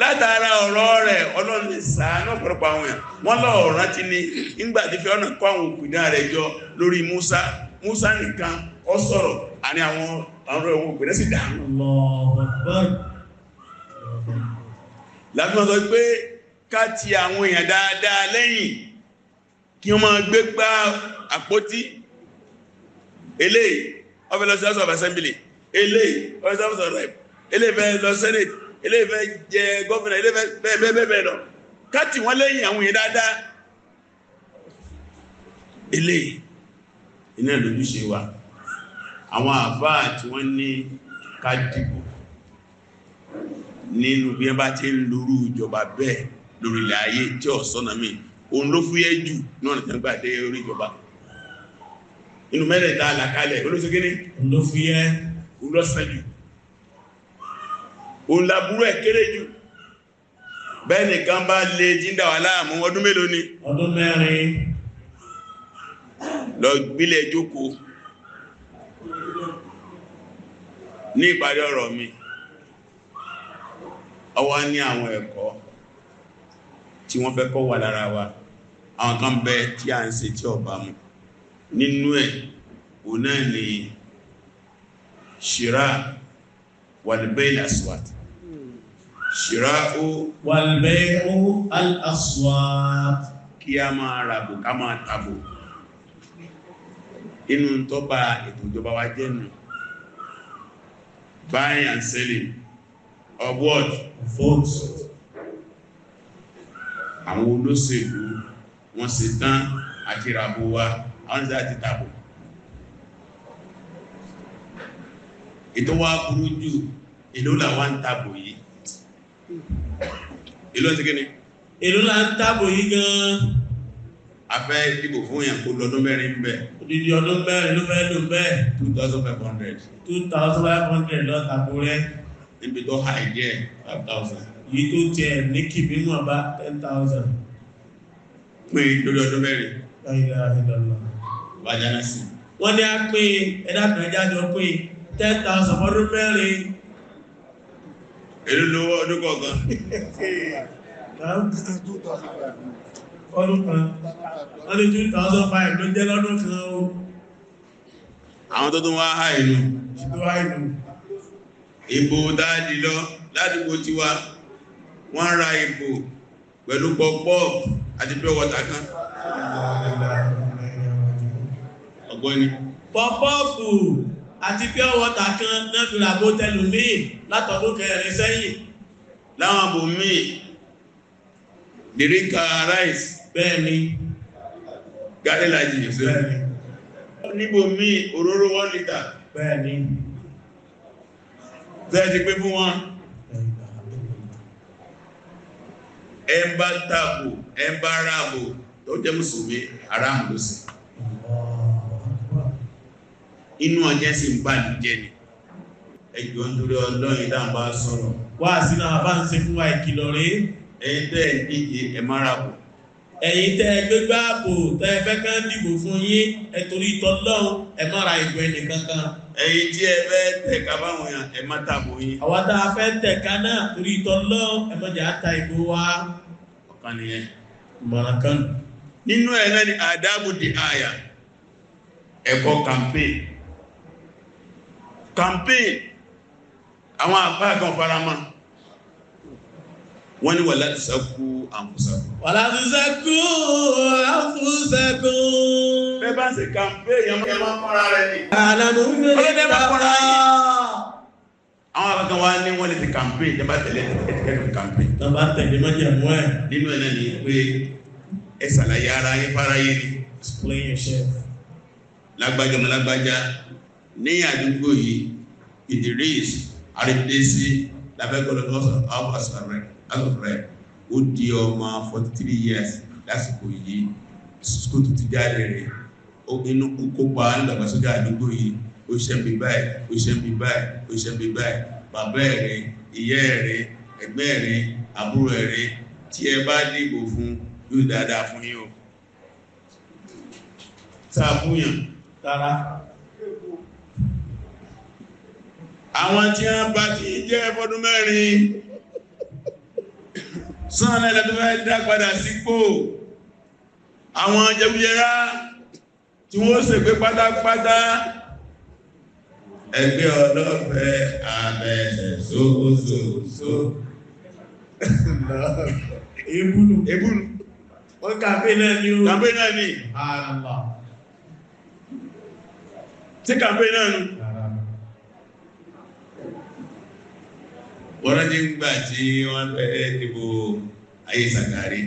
látara ọ̀rọ̀ rẹ̀ ọlọ́run lè sàánú ọ̀pọ̀lọpọ̀ àwọn èèyàn wọ́n lọ́ọ̀ rántí ni ńgbà tí fẹ́ọ́nà kọ́ àwọn òpìdán rẹ̀ jọ lórí Musa Musa nìkan ọ sọ̀rọ̀ àní àwọn ọ̀rọ̀ ẹ̀wọ̀n òpìdán sì dànù. lábíwọ́n sọ pé ká ti àwọn èèyàn dáadáa lẹ́yìn kí wọ́n máa gbé gbá àpótí eléyìí ó fẹ́ lọ sí house of assembly eléyìí ó fẹ́ sí house of rep eléyìí fẹ́ lọ senate eléyìí fẹ́ jẹ gọ́fìnà eléyìí fẹ́ bẹ́ẹ̀ bẹ́ẹ̀ bẹ́ẹ̀ lọ káàtì wọn lẹ́yìn àwọn yẹn dáadáa eléyìí iná lójúṣe wa àwọn àfáà tí wọ́n ní ká dìbò nínú bí wọ́n bá ti ń lórú ìjọba bẹ́ẹ̀ lórílẹ̀ ayé tí ọ̀sán náà mi òun ló fúyẹ́ jù náà nìkan gbà dé orí ìjọba inú mẹ́rẹ̀ẹ̀ta àlàkalẹ̀ olóṣogíní ló fi ẹ́ olóṣàn jù òun labúrú ẹ̀ kéré jù bẹ́ẹ̀ nìkan bá lè jíndà wà láàmú ọdún mélòó ni ọdún mẹ́rin lọ gbílẹ̀ jókòó ní ìparí ọ̀rọ̀ mi ọwá ní àwọn ẹ̀kọ́ tí wọ́n fẹ́ kọ́ wà lára wa àwọn kan bẹ tí a ń ṣe tí ọba mú nínú ẹ̀ o náà ni ṣíra wal-bay' al-aswad ṣíra ó wal-bay' al-aswad kí a máa ràbò ká máa tàbò inú tó bá ètò ìjọba wa jẹ́ nù buying and selling of what? votes àwọn olóṣèlú wọ́n ṣe tán àti ràbò wa anza ti tabo ètò wa burú jù la là wá ń tabo yìí èló ti kíni èló là ń tabo yìí gan afẹ́ dìbò fún yàn kó lọ́dún mẹ́rin bẹ́ẹ̀ odidi ọdún mẹ́rin ló fẹ́ lò bẹ́ẹ̀ 2500 2500 lọ́ta kó rẹ́ níbi tó hà ìjẹ́ 5000 yìí tó tiẹ̀ ní kìbí mọ̀ bá 10000 pín lórí ọdún mẹ́rin láìláà ìdọ̀lọ́ wàjánà sí wọ́n ní a pé ẹ̀dá kànájájọ pé 10,000 ọdún mẹ́rin èlú lówó ọdún kọ̀ọ̀kan ọdún kan ọdún 2005 ló jẹ́ lọ́dún kan o àwọn tó tún wá ha ìlú ìbò dáadì lọ ládùúgbò tí wá wọ́n ra ìbò pẹ̀lú pọ̀pọ̀ àti pẹ́wọ̀ta kan gbọ́ ni pọ́pọ́ọ̀pù àti pure water kan náà fi ràgbó tẹnu míì látọdún kẹrin sẹ́yìn láwọn bò míì dìríkà rice bẹ́ẹ̀ ni gálẹ́lájì bẹ́ẹ̀ ni níbò míì òróró one litre bẹ́ẹ̀ ni tẹ́ẹ̀tì pé fún wọn ẹmbá tàbù ẹmbá ráàbù tó jẹ́ mùsùlùmí aráàmù ló inú ọjẹ́ sì ń bá ní jẹ́ ni ẹjọ́ ń dúró ọlọ́rin dáàbá sọ̀rọ̀ wá sí náà bá ń ṣe fún wa ìkìlọ̀ rí ẹ̀yin tẹ́ ẹ̀ díje ẹ̀ mara bò ẹ̀yin tẹ́ ẹ gbégbá ààbò tẹ́ ẹ fẹ́ kán dìbò fún yín ẹ torí tọ́lọ́run ẹ má ra ìbò ẹnì kankan ẹ̀yin tí ẹ fẹ́ tẹ̀ka báwọn yàn ẹ má tàbò yín àwa tá a fẹ́ náà torí tọ́lọ́run ẹ ta ìbò wa ọ̀kan nìyẹn ìmọ̀ràn kan nínú ẹ̀ náà ni àdáàbò di àyà ẹ̀kọ́ campaign campaign àwọn àpá kan faramọ́ wọ́n ní wàlá ti sẹ́kù àmúsàkù. wàlá ti sẹ́kù àmúsàkù. bẹ́ẹ̀ bá ń ṣe campaign yẹn máa kọ́ra rẹ̀ ni. àlànà ń gbé ní ká kọ́ra àwọn abakan wa ní wọ́n lè ti campaign tẹ́ bá tẹ̀lé ẹ̀tẹ́kẹ́tù campaign. tẹ́ bá tẹ̀lé májàmú ẹ̀. nínú ẹ̀ náà ni pé ẹ ṣàlàyé ara yín fara yín ni. explain yourself. lágbájá ọmọ lágbájá ní àdúgbò yìí Idris Aridesi labẹ́gbọ́lọ́gbọ́ asọ̀rẹ́ ó di ọmọ 43 years lásìkò yìí school tó ti jáde rẹ̀ inú kópa ńlọgbàsókè àdúgbò yìí ó ṣe bí báyìí ó ṣe bí báyìí ó ṣe bí báyìí bàbá ẹ̀rẹ́ ìyá ẹ̀rẹ́ ẹgbẹ́ ẹ̀rẹ́ àbúrò ẹ̀rẹ́ tí ẹ bá dìbò fún yóò dáadáa fún yín o. tá a búyàn tara àwọn tí a bá ti jẹ́ fọ́dún mẹ́rin sọ́nà ilẹ̀ tó fẹ́ dá padà sípò àwọn jẹbújẹrá tí wọ́n ṣe pé pátápátá ẹgbẹ́ ọlọ́fẹ́ àbẹ̀ẹ̀sẹ̀ sóòsòsò ebúnù ebúnù ó kàfẹ́ náà ni ó kàfẹ́ náà ni ààrùn tí kàfẹ́ náà ni wọ́n ní gbà tí wọ́n fẹ́ dìbò ayé sàkárí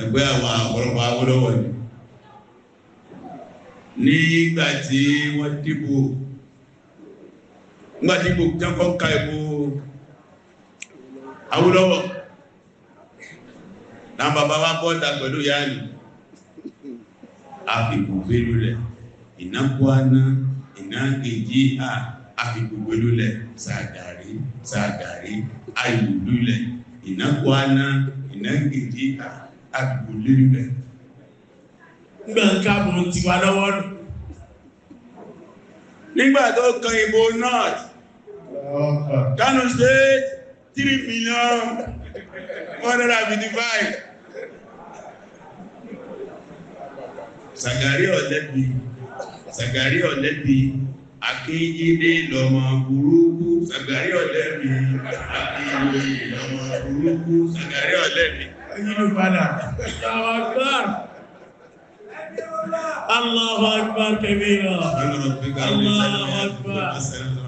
ẹgbẹ́ àwọn ọ̀pọ̀lọpọ̀ Awólọ́wọ̀ ni nígbà tí wọ́n dìbò nígbà tí gbò jákọ́ ká ìbò Awólọ́wọ̀ na bàbá wá bọ́ta pẹ̀lú yáàlì àfikò fèrè rẹ̀ ìnákọ́ àná ìnákejì àà àfi gbogbo lulẹ̀ sàgàrí sàgàrí ayò lulẹ̀ ìnáko aná ìnágèjì àgbò lulẹ̀. gbọ̀nká mọ̀ ti wá lọ́wọ́ nù nígbà tó kan ìbò north Kano State 3 million 155 sàgàrí ọ̀lẹ́bí sàgàrí ọ̀lẹ́bí Akíjídé lọ́mọ burúkú sàgárí ọ̀lẹ́ mi. Akíjídé lọ́mọ burúkú sàgárí ọ̀lẹ́ mi. Ayínú padà. Ṣàwàgbọ́n. Allahu akbar kabira. Allahu akbar.